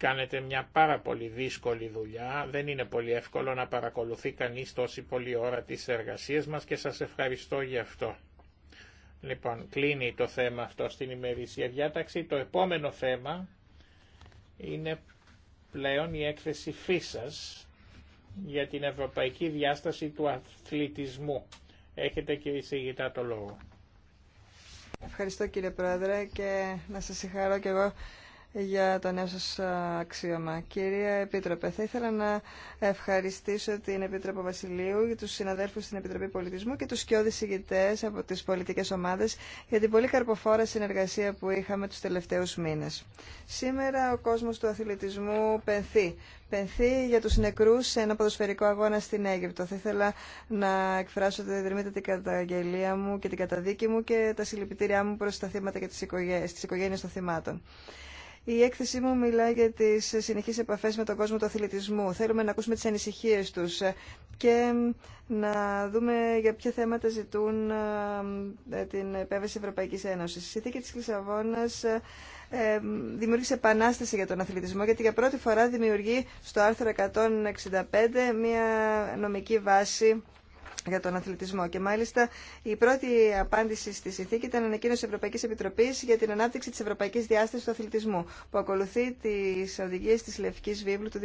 Κάνετε μια πάρα πολύ δύσκολη δουλειά, δεν είναι πολύ εύκολο να παρακολουθεί κανείς τόση πολλή ώρα τις εργασίες μας και σας ευχαριστώ για αυτό. Λοιπόν, κλείνει το θέμα αυτό στην ημερήσια διάταξη. Το επόμενο θέμα είναι πλέον η έκθεση φύσας για την ευρωπαϊκή διάσταση του αθλητισμού. Έχετε κύριε Σιγητά το λόγο. Ευχαριστώ κύριε Πρόεδρε και να σας συγχαρώ και εγώ για το νέο σα αξίωμα. Κυρία Επίτροπε, θα ήθελα να ευχαριστήσω την Επίτροπο Βασιλείου και τους συναδέλφους στην Επιτροπή Πολιτισμού και του σκιώδης ηγητέ από τι πολιτικέ ομάδε για την πολύ καρποφόρα συνεργασία που είχαμε του τελευταίου μήνε. Σήμερα ο κόσμο του αθλητισμού πενθεί. Πενθεί για του νεκρούς σε ένα ποδοσφαιρικό αγώνα στην Αίγυπτο. Θα ήθελα να εκφράσω τη διδρυμίτα την καταγγελία μου και την καταδίκη μου και τα συλληπιτήριά μου προ τα θύματα και τι οικογένειε, των θυμάτων. Η έκθεσή μου μιλάει για τι συνεχείς επαφέ με τον κόσμο του αθλητισμού. Θέλουμε να ακούσουμε τις ανησυχίες τους και να δούμε για ποια θέματα ζητούν ε, την επέμβαση ευρωπαϊκή Ένωση. Η συνθήκη της Λισαβόνα ε, ε, δημιούργησε επανάσταση για τον αθλητισμό γιατί για πρώτη φορά δημιουργεί στο άρθρο 165 μια νομική βάση για τον αθλητισμό. Και μάλιστα η πρώτη απάντηση στη συνθήκη ήταν ανακοίνωση Ευρωπαϊκή Επιτροπή για την ανάπτυξη τη Ευρωπαϊκή Διάσταση του Αθλητισμού, που ακολουθεί τι οδηγίε τη Λευκή Βίβλου του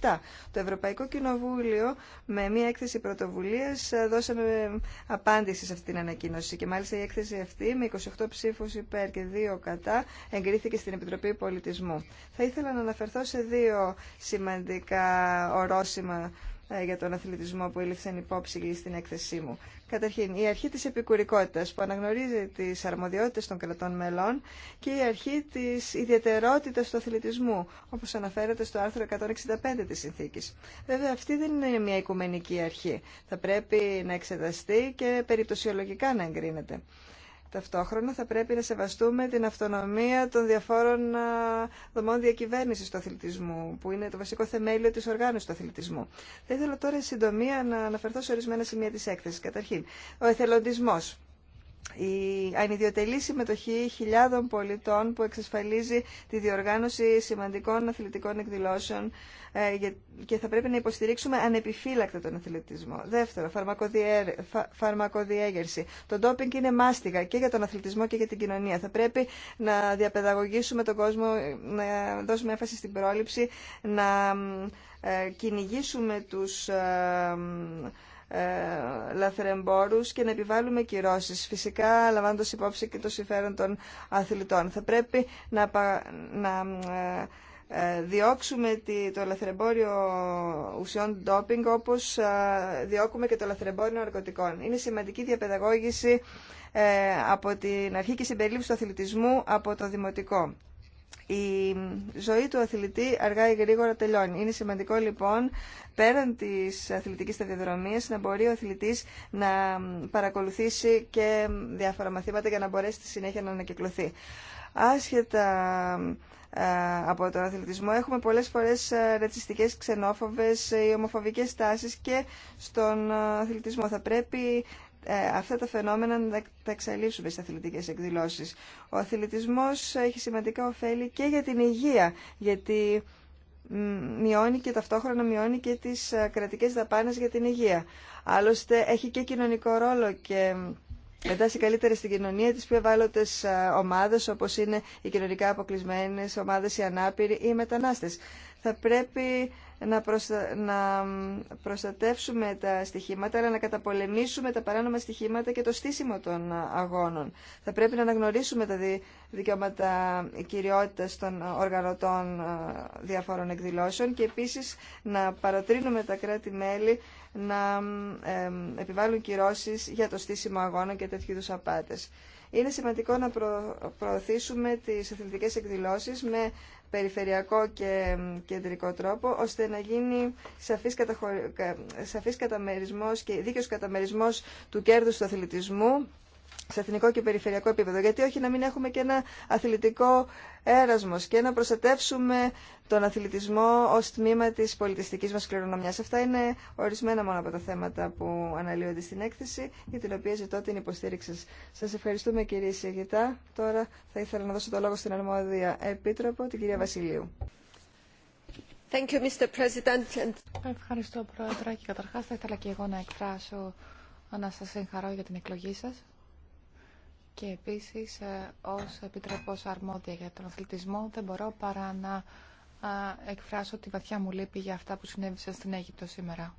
2007. Το Ευρωπαϊκό Κοινοβούλιο, με μία έκθεση πρωτοβουλία, δώσαμε απάντηση σε αυτή την ανακοίνωση. Και μάλιστα η έκθεση αυτή, με 28 ψήφου υπέρ και 2 κατά, εγκρίθηκε στην Επιτροπή Πολιτισμού. Θα ήθελα να αναφερθώ σε δύο σημαντικά ορόσημα ε, για τον αθλητισμό που ήλθαν υπόψη στην έκθεσή μου. Καταρχήν, η αρχή της επικουρικότητας που αναγνωρίζει τις αρμοδιότητες των κρατών μελών και η αρχή της ιδιαιτερότητας του αθλητισμού, όπως αναφέρεται στο άρθρο 165 της Συνθήκης. Βέβαια, αυτή δεν είναι μια οικουμενική αρχή. Θα πρέπει να εξεταστεί και περιπτωσιολογικά να εγκρίνεται. Ταυτόχρονα θα πρέπει να σεβαστούμε την αυτονομία των διαφόρων δομών διακυβέρνηση του αθλητισμού, που είναι το βασικό θεμέλιο τη οργάνωση του αθλητισμού. Θα ήθελα τώρα συντομία να αναφερθώ σε ορισμένα σημεία τη έκθεση. Καταρχήν, ο εθελοντισμό η ανιδιοτελή συμμετοχή χιλιάδων πολιτών που εξασφαλίζει τη διοργάνωση σημαντικών αθλητικών εκδηλώσεων ε, και θα πρέπει να υποστηρίξουμε ανεπιφύλακτα τον αθλητισμό. Δεύτερο, φαρμακοδιέγερση. Το ντόπινγκ είναι μάστιγα και για τον αθλητισμό και για την κοινωνία. Θα πρέπει να διαπαιδαγωγήσουμε τον κόσμο, να δώσουμε έμφαση στην πρόληψη, να ε, κυνηγήσουμε τους ε, ε, λαθρεμπόρους και να επιβάλλουμε κυρώσεις, φυσικά λαμβάνοντας υπόψη και το συμφέρον των αθλητών. Θα πρέπει να, να ε, ε, διώξουμε το λαθρεμπόριο ουσιών ντόπινγκ όπως διώκουμε και το λαθρεμπόριο ναρκωτικών. Είναι σημαντική διαπαιδαγώγηση από την αρχή και συμπερίληψη του αθλητισμού από το δημοτικό η ζωή του αθλητή αργά ή γρήγορα τελειώνει. Είναι σημαντικό λοιπόν πέραν της αθλητικής σταδιοδρομίας να μπορεί ο αθλητής να παρακολουθήσει και διάφορα μαθήματα για να μπορέσει στη συνέχεια να ανακυκλωθεί. Άσχετα ε, από τον αθλητισμό έχουμε πολλές φορές ε, ρατσιστικές, ξενόφοβες ή ε, ομοφοβικές τάσεις και στον αθλητισμό. Θα πρέπει ε, αυτά τα φαινόμενα να τα εξαλείψουμε στις αθλητικέ εκδηλώσεις. Ο αθλητισμός έχει σημαντικά ωφέλη και για την υγεία, γιατί μειώνει και ταυτόχρονα μειώνει και τις ε, κρατικέ δαπάνες για την υγεία. Άλλωστε έχει και κοινωνικό ρόλο και εντάσσει καλύτερα στην κοινωνία τις πιο ευάλωτε ε, ομάδες όπως είναι οι κοινωνικά αποκλεισμένες, ομάδε οι ανάπηροι ή οι μετανάστε. Θα πρέπει να, να προστατεύσουμε τα στοιχήματα, αλλά να καταπολεμήσουμε τα παράνομα στοιχήματα και το στήσιμο των αγώνων. Θα πρέπει να αναγνωρίσουμε τα δικαιώματα κυριότητας των οργανωτών ε, διαφόρων εκδηλώσεων και επίσης να παροτρύνουμε τα κράτη-μέλη να επιβάλλουν κυρώσεις για το στήσιμο αγώνων και τέτοιου είδους απάτες. Είναι σημαντικό να προωθήσουμε τις αθλητικές εκδηλώσεις με περιφερειακό και κεντρικό τρόπο, ώστε να γίνει σαφής, καταχω... σαφής καταμερισμός και δίκαιος καταμερισμός του κέρδους του αθλητισμού σε εθνικό και περιφερειακό επίπεδο. Γιατί όχι να μην έχουμε και ένα αθλητικό έρασμος και να προστατεύσουμε τον αθλητισμό ως τμήμα της πολιτιστικής μας κληρονομιάς. Αυτά είναι ορισμένα μόνο από τα θέματα που αναλύονται στην έκθεση, για την οποία ζητώ την υποστήριξη σας. Σας ευχαριστούμε κύριε Σιγητά. Τώρα θα ήθελα να δώσω το λόγο στην αρμόδια επίτροπο, την κυρία Βασιλείου. Thank you, Mr. President. Ευχαριστώ, Πρόεδρε. Και καταρχάς θα ήθελα και εγώ να εκφράσω να σας συγχαρώ για την εκλογή σας. Και επίσης ε, ως επιτροπός αρμόδια για τον αθλητισμό δεν μπορώ παρά να εκφράσω τη βαθιά μου λύπη για αυτά που συνέβησαν στην Αίγυπτο σήμερα.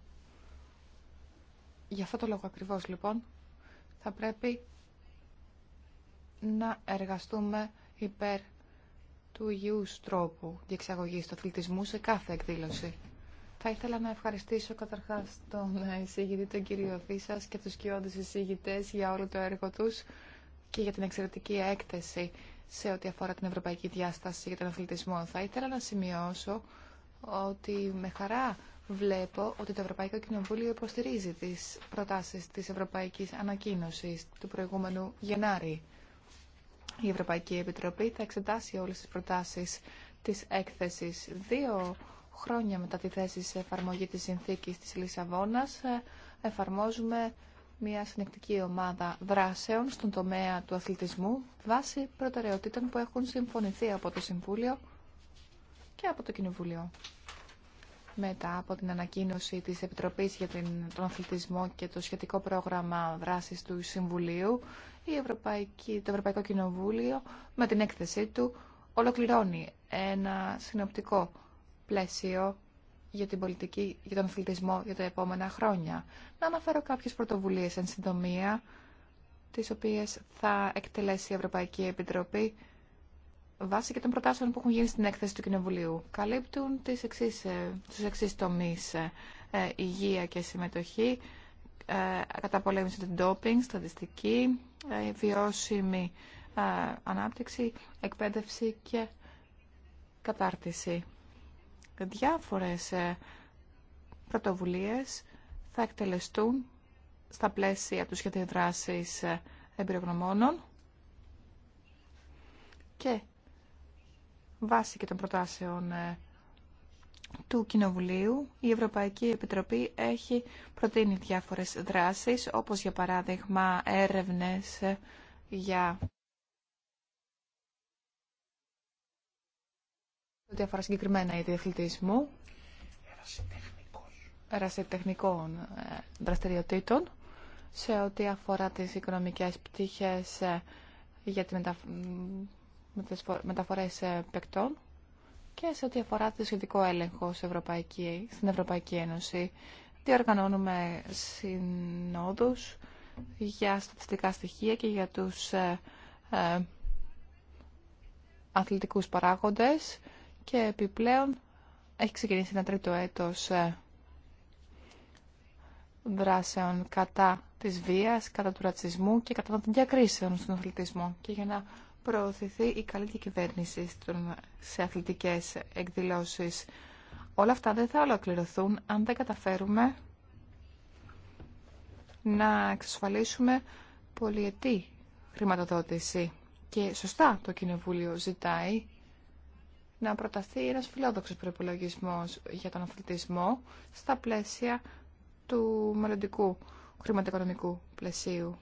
Για αυτό το λόγο ακριβώς λοιπόν θα πρέπει να εργαστούμε υπέρ του υγιούς τρόπου διεξαγωγής του αθλητισμού σε κάθε εκδήλωση. Θα ήθελα να ευχαριστήσω καταρχάς τον εισηγητή, τον κύριο Φίσας και τους κοιόντες εισηγητές για όλο το έργο τους και για την εξαιρετική έκθεση σε ό,τι αφορά την ευρωπαϊκή διάσταση για τον αθλητισμό. Θα ήθελα να σημειώσω ότι με χαρά βλέπω ότι το Ευρωπαϊκό Κοινοβούλιο υποστηρίζει τις προτάσεις της Ευρωπαϊκής Ανακοίνωσης του προηγούμενου Γενάρη. Η Ευρωπαϊκή Επιτροπή θα εξετάσει όλες τις προτάσεις της έκθεσης. Δύο χρόνια μετά τη θέση σε εφαρμογή της συνθήκης της Λισαβόνας ε, εφαρμόζουμε μια συνεκτική ομάδα δράσεων στον τομέα του αθλητισμού βάσει προτεραιοτήτων που έχουν συμφωνηθεί από το Συμβούλιο και από το Κοινοβούλιο. Μετά από την ανακοίνωση της Επιτροπής για τον Αθλητισμό και το σχετικό πρόγραμμα δράσης του Συμβουλίου, η Ευρωπαϊκή, το Ευρωπαϊκό Κοινοβούλιο με την έκθεσή του ολοκληρώνει ένα συνοπτικό πλαίσιο για την πολιτική, για τον αθλητισμό για τα επόμενα χρόνια. Να αναφέρω κάποιες πρωτοβουλίες εν συντομία, τις οποίες θα εκτελέσει η Ευρωπαϊκή Επιτροπή βάσει και των προτάσεων που έχουν γίνει στην έκθεση του Κοινοβουλίου. Καλύπτουν τις εξής, ε, τους εξής τομείς ε, ε, υγεία και συμμετοχή, καταπολέμηση του ντόπινγκ, στατιστική, βιώσιμη ανάπτυξη, εκπαίδευση και κατάρτιση διάφορες ε, πρωτοβουλίες θα εκτελεστούν στα πλαίσια του σχεδίου δράσης ε, εμπειρογνωμόνων και βάσει και των προτάσεων ε, του Κοινοβουλίου, η Ευρωπαϊκή Επιτροπή έχει προτείνει διάφορες δράσεις, όπως για παράδειγμα έρευνες για Ό,τι αφορά συγκεκριμένα η έραση ερασιτεχνικών ε, δραστηριοτήτων, σε ό,τι αφορά τις οικονομικές πτυχές ε, για τις μεταφορές ε, παικτών και σε ό,τι αφορά το σχετικό έλεγχο στην Ευρωπαϊκή Ένωση. Διοργανώνουμε συνόδους για στατιστικά στοιχεία και για τους αθλητικούς παράγοντες και επιπλέον έχει ξεκινήσει ένα τρίτο έτος ε, δράσεων κατά της βίας, κατά του ρατσισμού και κατά των διακρίσεων στον αθλητισμό και για να προωθηθεί η καλή διακυβέρνηση σε αθλητικές εκδηλώσεις. Όλα αυτά δεν θα ολοκληρωθούν αν δεν καταφέρουμε να εξασφαλίσουμε πολυετή χρηματοδότηση. Και σωστά το Κοινοβούλιο ζητάει να προταθεί ένα φιλόδοξο προπολογισμό για τον αθλητισμό στα πλαίσια του μελλοντικού χρηματοοικονομικού πλαισίου.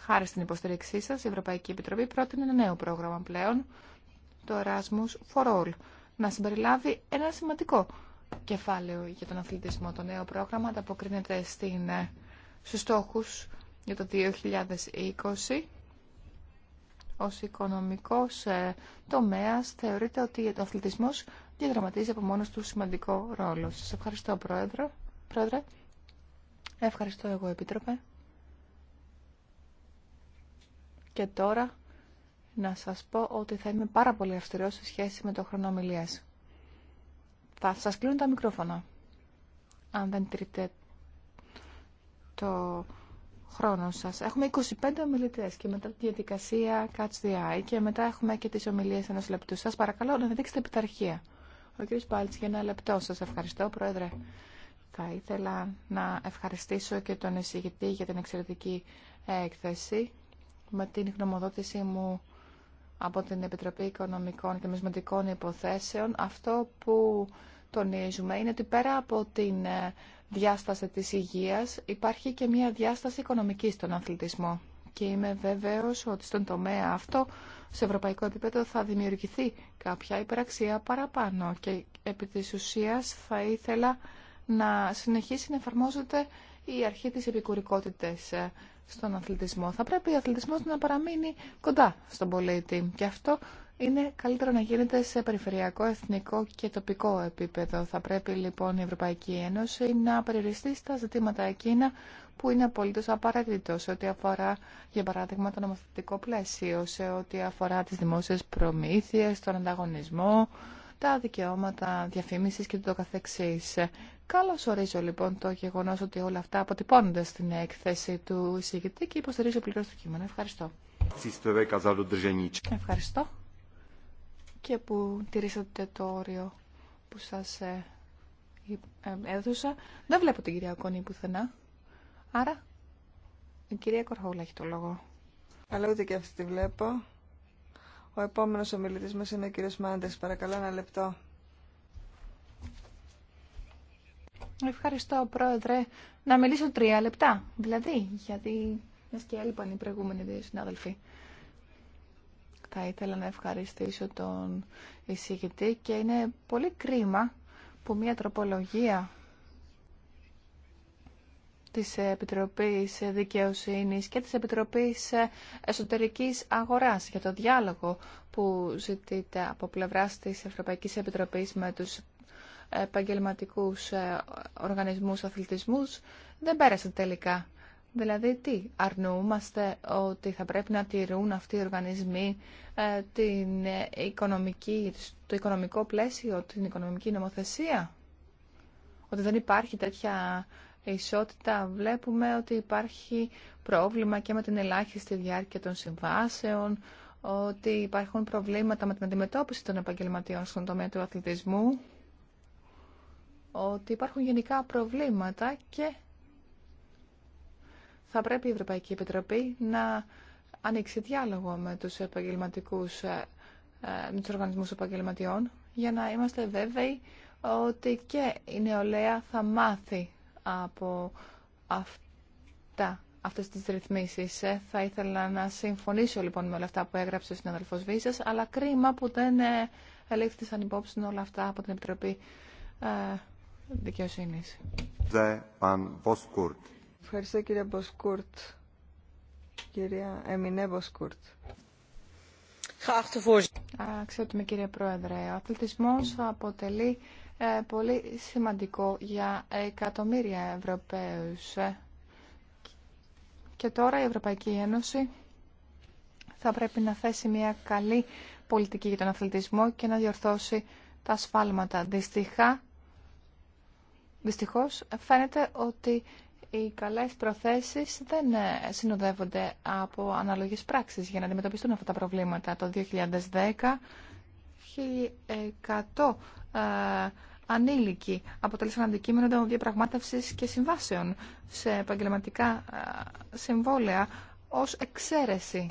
Χάρη στην υποστήριξή σα, η Ευρωπαϊκή Επιτροπή πρότεινε ένα νέο πρόγραμμα πλέον, το Erasmus for All, να συμπεριλάβει ένα σημαντικό κεφάλαιο για τον αθλητισμό. Το νέο πρόγραμμα ανταποκρίνεται στην, ε, στους στόχους για το 2020 ως οικονομικός ε, τομέας θεωρείται ότι ο αθλητισμός διαδραματίζει από μόνος του σημαντικό ρόλο. Σας ευχαριστώ Πρόεδρο. Πρόεδρε. Ευχαριστώ εγώ Επίτροπε. Και τώρα να σας πω ότι θα είμαι πάρα πολύ αυστηρό σε σχέση με το χρόνο Θα σας κλείνουν τα μικρόφωνα. Αν δεν τρίτε το χρόνο σας. Έχουμε 25 ομιλητέ και μετά τη διαδικασία Catch the Eye και μετά έχουμε και τι ομιλίε ενό λεπτού. Σα παρακαλώ να δείξετε επιταρχία. Ο κ. Πάλτς για ένα λεπτό. Σα ευχαριστώ, Πρόεδρε. Θα ήθελα να ευχαριστήσω και τον εισηγητή για την εξαιρετική έκθεση. Με την γνωμοδότησή μου από την Επιτροπή Οικονομικών και Μεσμαντικών Υποθέσεων, αυτό που τονίζουμε είναι ότι πέρα από την ε, διάσταση της υγείας υπάρχει και μια διάσταση οικονομικής στον αθλητισμό. Και είμαι βέβαιος ότι στον τομέα αυτό, σε ευρωπαϊκό επίπεδο, θα δημιουργηθεί κάποια υπεραξία παραπάνω. Και επί της ουσίας θα ήθελα να συνεχίσει να εφαρμόζεται η αρχή της επικουρικότητας ε, στον αθλητισμό. Θα πρέπει ο αθλητισμός να παραμείνει κοντά στον πολίτη. Και αυτό είναι καλύτερο να γίνεται σε περιφερειακό, εθνικό και τοπικό επίπεδο. Θα πρέπει λοιπόν η Ευρωπαϊκή Ένωση να περιοριστεί στα ζητήματα εκείνα που είναι απολύτω απαραίτητο σε ό,τι αφορά, για παράδειγμα, το νομοθετικό πλαίσιο, σε ό,τι αφορά τι δημόσιε προμήθειε, τον ανταγωνισμό, τα δικαιώματα διαφήμιση και το Καλώ ορίζω λοιπόν το γεγονό ότι όλα αυτά αποτυπώνονται στην έκθεση του εισηγητή και υποστηρίζω πλήρω το κείμενο. Ευχαριστώ. Ευχαριστώ και που τηρήσατε το όριο που σας ε, ε, έδωσα. Δεν βλέπω την κυρία Κόνη πουθενά. Άρα, η κυρία Κορχόλα έχει το λόγο. Αλλά ούτε και αυτή τη βλέπω. Ο επόμενος ομιλητής μας είναι ο κύριος Μάντες. Παρακαλώ ένα λεπτό. Ευχαριστώ, Πρόεδρε. Να μιλήσω τρία λεπτά. Δηλαδή, γιατί μια και έλειπαν οι προηγούμενοι συνάδελφοι. Θα ήθελα να ευχαριστήσω τον εισηγητή και είναι πολύ κρίμα που μια τροπολογία της Επιτροπής Δικαιοσύνης και της Επιτροπής Εσωτερικής Αγοράς για το διάλογο που ζητείται από πλευράς της Ευρωπαϊκής Επιτροπής με τους επαγγελματικούς οργανισμούς αθλητισμούς δεν πέρασε τελικά. Δηλαδή τι, αρνούμαστε ότι θα πρέπει να τηρούν αυτοί οι οργανισμοί ε, την οικονομική, το οικονομικό πλαίσιο, την οικονομική νομοθεσία. Ότι δεν υπάρχει τέτοια ισότητα. Βλέπουμε ότι υπάρχει πρόβλημα και με την ελάχιστη διάρκεια των συμβάσεων, ότι υπάρχουν προβλήματα με την αντιμετώπιση των επαγγελματιών στον τομέα του αθλητισμού, ότι υπάρχουν γενικά προβλήματα και θα πρέπει η Ευρωπαϊκή Επιτροπή να ανοίξει διάλογο με τους επαγγελματικούς, ε, ε, με οργανισμούς επαγγελματιών για να είμαστε βέβαιοι ότι και η νεολαία θα μάθει από αυτά, αυτές τις ρυθμίσεις. Ε, θα ήθελα να συμφωνήσω λοιπόν με όλα αυτά που έγραψε ο συναδελφός Βίζας, αλλά κρίμα που δεν ελήφθησαν υπόψη όλα αυτά από την Επιτροπή ε, Ευχαριστώ κύριε Μποσκούρτ. Κυρία Εμινέ Μποσκούρτ. Αξιότιμη κύριε Πρόεδρε, ο αθλητισμός αποτελεί ε, πολύ σημαντικό για εκατομμύρια Ευρωπαίους. Ε, και τώρα η Ευρωπαϊκή Ένωση θα πρέπει να θέσει μια καλή πολιτική για τον αθλητισμό και να διορθώσει τα σφάλματα. δυστυχώς φαίνεται ότι οι καλές προθέσεις δεν ε, συνοδεύονται από αναλογές πράξεις για να αντιμετωπιστούν αυτά τα προβλήματα. Το 2010, 1.100 ε, ανήλικοι αποτέλεσαν αντικείμενο διαπραγμάτευσης και συμβάσεων σε επαγγελματικά ε, συμβόλαια ως εξαίρεση.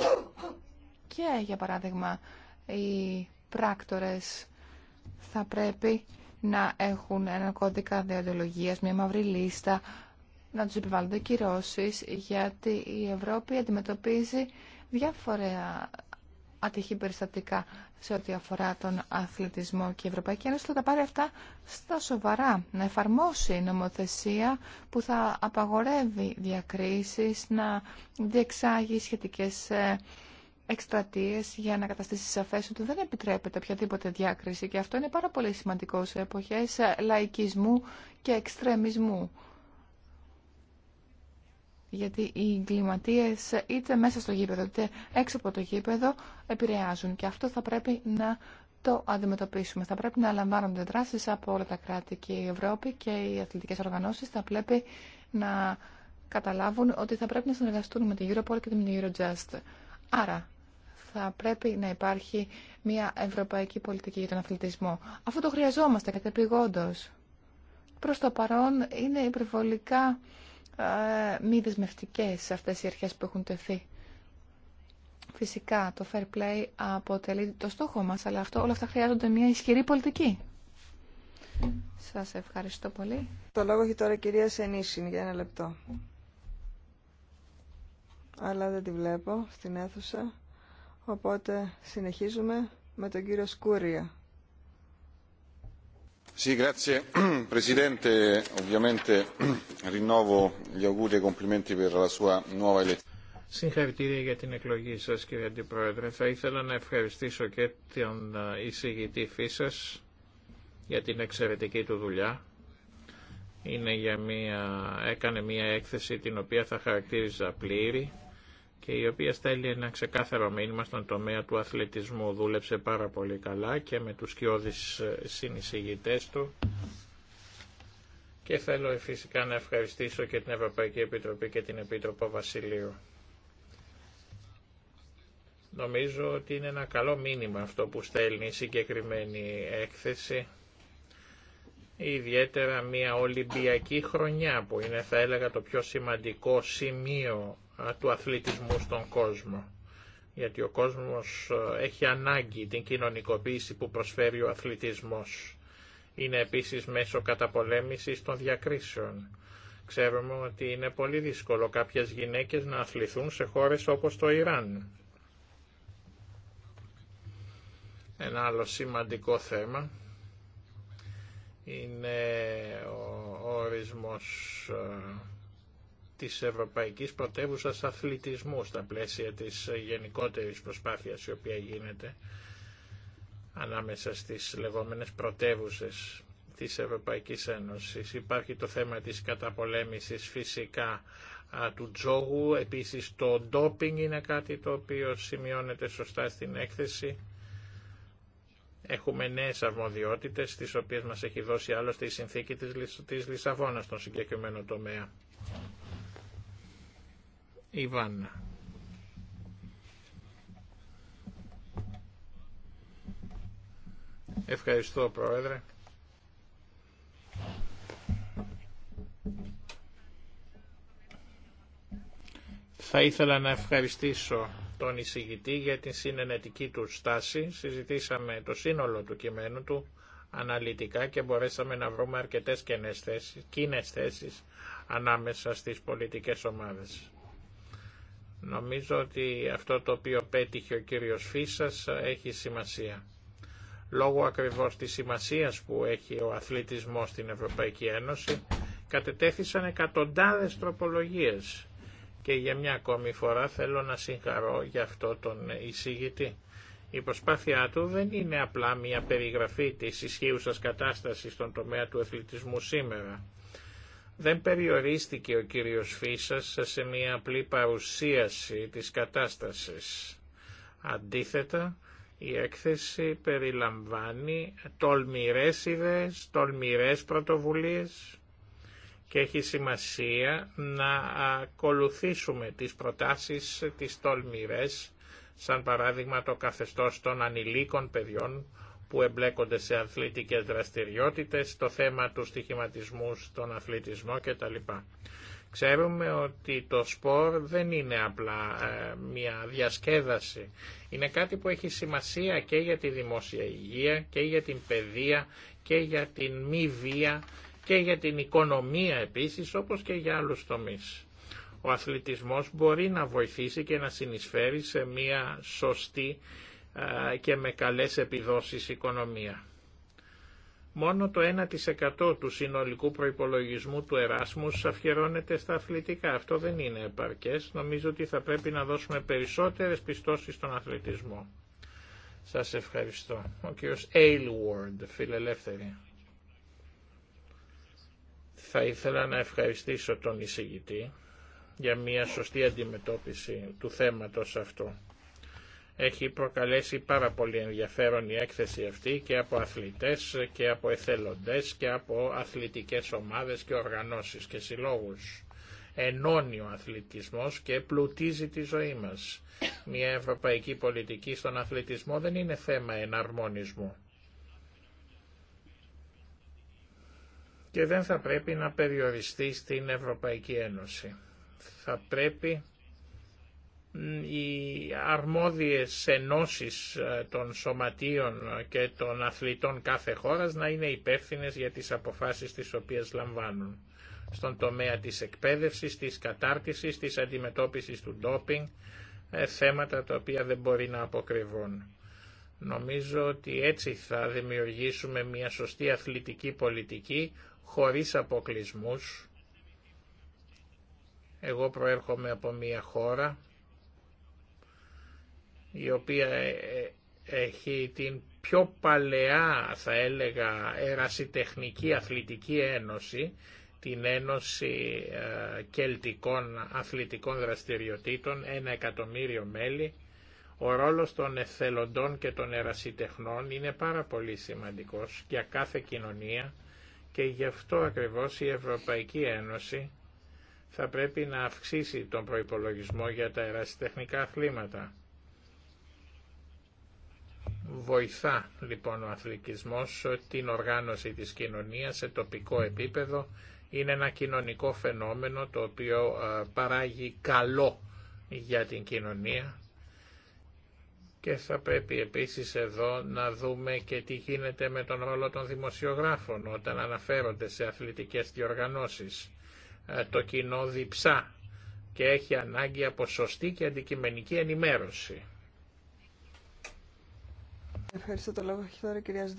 Και, για παράδειγμα, οι πράκτορες θα πρέπει να έχουν ένα κώδικα διοντολογίας, μια μαύρη λίστα, να τους επιβάλλονται κυρώσεις γιατί η Ευρώπη αντιμετωπίζει διάφορα ατυχή περιστατικά σε ό,τι αφορά τον αθλητισμό και η Ευρωπαϊκή Ένωση θα τα πάρει αυτά στα σοβαρά, να εφαρμόσει νομοθεσία που θα απαγορεύει διακρίσεις, να διεξάγει σχετικές ε, εκστρατείες για να καταστήσει σαφές ότι δεν επιτρέπεται οποιαδήποτε διάκριση και αυτό είναι πάρα πολύ σημαντικό σε εποχές ε, λαϊκισμού και εξτρεμισμού γιατί οι εγκληματίες είτε μέσα στο γήπεδο είτε έξω από το γήπεδο επηρεάζουν και αυτό θα πρέπει να το αντιμετωπίσουμε. Θα πρέπει να λαμβάνονται δράσεις από όλα τα κράτη και η Ευρώπη και οι αθλητικές οργανώσεις θα πρέπει να καταλάβουν ότι θα πρέπει να συνεργαστούν με την Europol και την Eurojust. Άρα θα πρέπει να υπάρχει μια ευρωπαϊκή πολιτική για τον αθλητισμό. Αυτό το χρειαζόμαστε κατεπηγόντως. Προς το παρόν είναι υπερβολικά ε, μη δεσμευτικέ αυτές οι αρχές που έχουν τεθεί. Φυσικά το fair play αποτελεί το στόχο μας, αλλά αυτό, όλα αυτά χρειάζονται μια ισχυρή πολιτική. Σας ευχαριστώ πολύ. Το λόγο έχει τώρα η κυρία Σενίσιν για ένα λεπτό. Αλλά δεν τη βλέπω στην αίθουσα, οπότε συνεχίζουμε με τον κύριο Σκούρια. Συγχαρητήρια για την εκλογή σας κύριε Αντιπρόεδρε. Θα ήθελα να ευχαριστήσω και τον ε, εισηγητή Φίσας για την εξαιρετική του δουλειά. Είναι για μια, έκανε μια έκθεση την οποία θα χαρακτήριζα πλήρη και η οποία στέλνει ένα ξεκάθαρο μήνυμα στον τομέα του αθλητισμού. Δούλεψε πάρα πολύ καλά και με τους σκιώδεις ε, συνεισηγητές του. Και θέλω φυσικά να ευχαριστήσω και την Ευρωπαϊκή Επιτροπή και την Επίτροπο Βασιλείου. Νομίζω ότι είναι ένα καλό μήνυμα αυτό που στέλνει η συγκεκριμένη έκθεση. Ιδιαίτερα μια Ολυμπιακή χρονιά που είναι θα έλεγα το πιο σημαντικό σημείο του αθλητισμού στον κόσμο. Γιατί ο κόσμος έχει ανάγκη την κοινωνικοποίηση που προσφέρει ο αθλητισμός. Είναι επίσης μέσω καταπολέμησης των διακρίσεων. Ξέρουμε ότι είναι πολύ δύσκολο κάποιες γυναίκες να αθληθούν σε χώρες όπως το Ιράν. Ένα άλλο σημαντικό θέμα είναι ο ορισμός της Ευρωπαϊκής Πρωτεύουσα Αθλητισμού στα πλαίσια της γενικότερης προσπάθειας η οποία γίνεται ανάμεσα στις λεγόμενες πρωτεύουσες της Ευρωπαϊκής Ένωσης. Υπάρχει το θέμα της καταπολέμησης φυσικά του τζόγου, επίσης το ντόπινγκ είναι κάτι το οποίο σημειώνεται σωστά στην έκθεση. Έχουμε νέες αρμοδιότητες, τις οποίες μας έχει δώσει άλλωστε η συνθήκη της, της Λισαβόνας στον συγκεκριμένο τομέα. Ιβάννα. Ευχαριστώ Πρόεδρε. Θα ήθελα να ευχαριστήσω τον εισηγητή για την συνενετική του στάση. Συζητήσαμε το σύνολο του κειμένου του αναλυτικά και μπορέσαμε να βρούμε αρκετές κοινές θέσεις, ανάμεσα στις πολιτικές ομάδες. Νομίζω ότι αυτό το οποίο πέτυχε ο κύριος Φίσας έχει σημασία. Λόγω ακριβώς της σημασίας που έχει ο αθλητισμός στην Ευρωπαϊκή Ένωση, κατετέθησαν εκατοντάδες τροπολογίες. Και για μια ακόμη φορά θέλω να συγχαρώ για αυτό τον εισηγητή. Η προσπάθειά του δεν είναι απλά μια περιγραφή της ισχύουσας κατάστασης στον τομέα του αθλητισμού σήμερα δεν περιορίστηκε ο κύριος Φίσας σε μια απλή παρουσίαση της κατάστασης. Αντίθετα, η έκθεση περιλαμβάνει τολμηρές ιδέες, τολμηρές πρωτοβουλίες και έχει σημασία να ακολουθήσουμε τις προτάσεις της τολμηρές, σαν παράδειγμα το καθεστώς των ανηλίκων παιδιών, που εμπλέκονται σε αθλητικές δραστηριότητες, το θέμα του στοιχηματισμού στον αθλητισμό κτλ. Ξέρουμε ότι το σπορ δεν είναι απλά ε, μια διασκέδαση. Είναι κάτι που έχει σημασία και για τη δημόσια υγεία και για την παιδεία και για την μη βία και για την οικονομία επίσης όπως και για άλλους τομείς. Ο αθλητισμός μπορεί να βοηθήσει και να συνεισφέρει σε μια σωστή και με καλές επιδόσεις οικονομία. Μόνο το 1% του συνολικού προϋπολογισμού του Εράσμους αφιερώνεται στα αθλητικά. Αυτό δεν είναι επαρκές. Νομίζω ότι θα πρέπει να δώσουμε περισσότερες πιστώσεις στον αθλητισμό. Σας ευχαριστώ. Ο κύριος Aylward, φιλελεύθερη. Θα ήθελα να ευχαριστήσω τον εισηγητή για μια σωστή αντιμετώπιση του θέματος αυτού. Έχει προκαλέσει πάρα πολύ ενδιαφέρον η έκθεση αυτή και από αθλητές και από εθελοντές και από αθλητικές ομάδες και οργανώσεις και συλλόγους. Ενώνει ο αθλητισμός και πλουτίζει τη ζωή μας. Μια ευρωπαϊκή πολιτική στον αθλητισμό δεν είναι θέμα εναρμονισμού. και δεν θα πρέπει να περιοριστεί στην Ευρωπαϊκή Ένωση. Θα πρέπει οι αρμόδιες ενώσεις ε, των σωματείων ε, και των αθλητών κάθε χώρας να είναι υπεύθυνε για τις αποφάσεις τις οποίες λαμβάνουν στον τομέα της εκπαίδευσης, της κατάρτισης, της αντιμετώπισης του ντόπινγκ, ε, θέματα τα οποία δεν μπορεί να αποκρυβούν. Νομίζω ότι έτσι θα δημιουργήσουμε μια σωστή αθλητική πολιτική χωρίς αποκλεισμούς. Εγώ προέρχομαι από μια χώρα η οποία ε, ε, έχει την πιο παλαιά θα έλεγα ερασιτεχνική αθλητική ένωση, την Ένωση ε, Κελτικών Αθλητικών Δραστηριοτήτων, ένα εκατομμύριο μέλη, ο ρόλος των εθελοντών και των ερασιτεχνών είναι πάρα πολύ σημαντικός για κάθε κοινωνία και γι' αυτό ακριβώς η Ευρωπαϊκή Ένωση θα πρέπει να αυξήσει τον προϋπολογισμό για τα ερασιτεχνικά αθλήματα. Βοηθά λοιπόν ο αθλητισμός την οργάνωση της κοινωνίας σε τοπικό επίπεδο. Είναι ένα κοινωνικό φαινόμενο το οποίο παράγει καλό για την κοινωνία και θα πρέπει επίσης εδώ να δούμε και τι γίνεται με τον ρόλο των δημοσιογράφων όταν αναφέρονται σε αθλητικές διοργανώσεις. Το κοινό διψά και έχει ανάγκη από σωστή και αντικειμενική ενημέρωση. Ευχαριστώ το λόγο. Έχει κυρία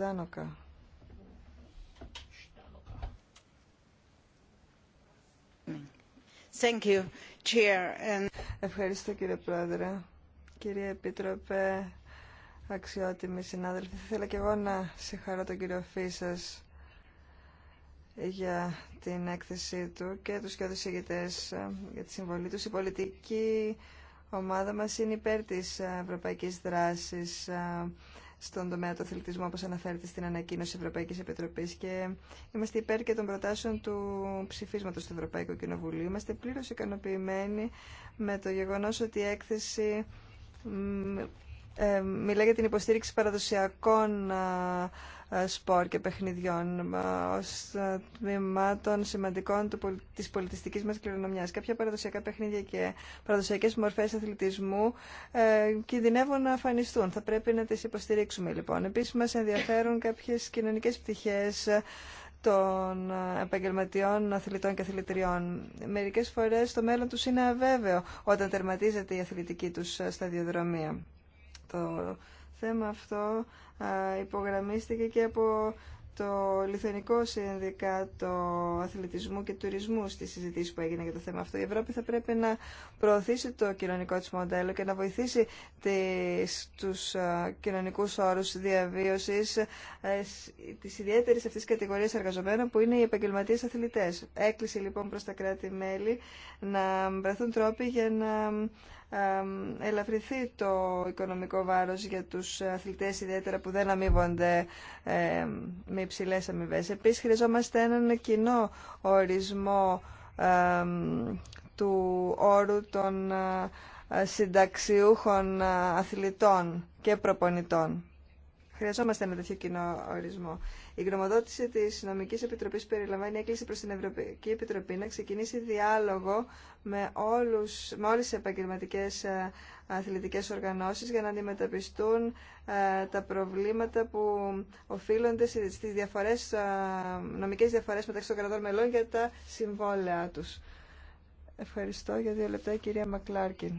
Thank you, Chair. Ευχαριστώ κύριε Πρόεδρε. Κύριε Επίτροπε, αξιότιμοι συνάδελφοι, Θέλω ήθελα και εγώ να συγχαρώ τον κύριο Φίσας για την έκθεσή του και τους και τους ηγητές ε, για τη συμβολή τους. Η πολιτική ομάδα μας είναι υπέρ της ε, ευρωπαϊκής δράσης ε, στον τομέα του αθλητισμού, όπω αναφέρεται στην ανακοίνωση της Ευρωπαϊκής Επιτροπής και είμαστε υπέρ και των προτάσεων του ψηφίσματος του Ευρωπαϊκού Κοινοβουλίου. Είμαστε πλήρως ικανοποιημένοι με το γεγονός ότι η έκθεση ε, μιλάει για την υποστήριξη παραδοσιακών σπορ και παιχνιδιών ως τμήματων σημαντικών της πολιτιστικής μας κληρονομιάς. Κάποια παραδοσιακά παιχνίδια και παραδοσιακές μορφές αθλητισμού ε, κινδυνεύουν να αφανιστούν. Θα πρέπει να τις υποστηρίξουμε λοιπόν. Επίσης μας ενδιαφέρουν κάποιες κοινωνικές πτυχές των επαγγελματιών αθλητών και αθλητριών. Μερικές φορές το μέλλον τους είναι αβέβαιο όταν τερματίζεται η αθλητική τους σταδιοδρομία. Το θέμα αυτό υπογραμμίστηκε και από το συνδικά Συνδικάτο Αθλητισμού και Τουρισμού στη συζήτηση που έγινε για το θέμα αυτό. Η Ευρώπη θα πρέπει να προωθήσει το κοινωνικό της μοντέλο και να βοηθήσει τις, τους κοινωνικούς όρους διαβίωσης ε, της ιδιαίτερης αυτής κατηγορίας εργαζομένων που είναι οι επαγγελματίες αθλητές. Έκλεισε λοιπόν προς τα κράτη-μέλη να βρεθούν τρόποι για να ελαφρυνθεί το οικονομικό βάρος για τους αθλητές ιδιαίτερα που δεν αμείβονται με υψηλέ αμοιβέ. Επίσης χρειαζόμαστε έναν κοινό ορισμό του όρου των ε, συνταξιούχων ε, αθλητών και προπονητών. Χρειαζόμαστε ένα τέτοιο κοινό ορισμό. Η γνωμοδότηση τη Νομική Επιτροπή περιλαμβάνει έκκληση προ την Ευρωπαϊκή Επιτροπή να ξεκινήσει διάλογο με, όλους, με όλε τι επαγγελματικέ ε, αθλητικέ οργανώσει για να αντιμετωπιστούν ε, τα προβλήματα που οφείλονται στι διαφορές, ε, νομικέ διαφορέ μεταξύ των κρατών μελών για τα συμβόλαια του. Ευχαριστώ για δύο λεπτά, κυρία Μακλάρκιν.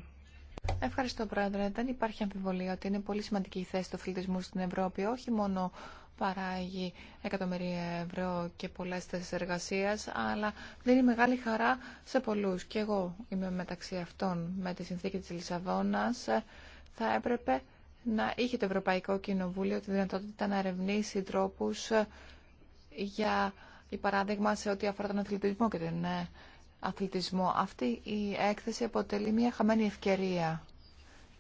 Ευχαριστώ, Πρόεδρε. Δεν υπάρχει αμφιβολία ότι είναι πολύ σημαντική η θέση του αθλητισμού στην Ευρώπη. Όχι μόνο παράγει εκατομμύρια ευρώ και πολλέ θέσει εργασία, αλλά δίνει μεγάλη χαρά σε πολλού. Και εγώ είμαι μεταξύ αυτών με τη συνθήκη τη Λισαβόνα. Ε, θα έπρεπε να είχε το Ευρωπαϊκό Κοινοβούλιο τη δυνατότητα να ερευνήσει τρόπου ε, για, για παράδειγμα, σε ό,τι αφορά τον αθλητισμό και την ε, αθλητισμό. Αυτή η έκθεση αποτελεί μια χαμένη ευκαιρία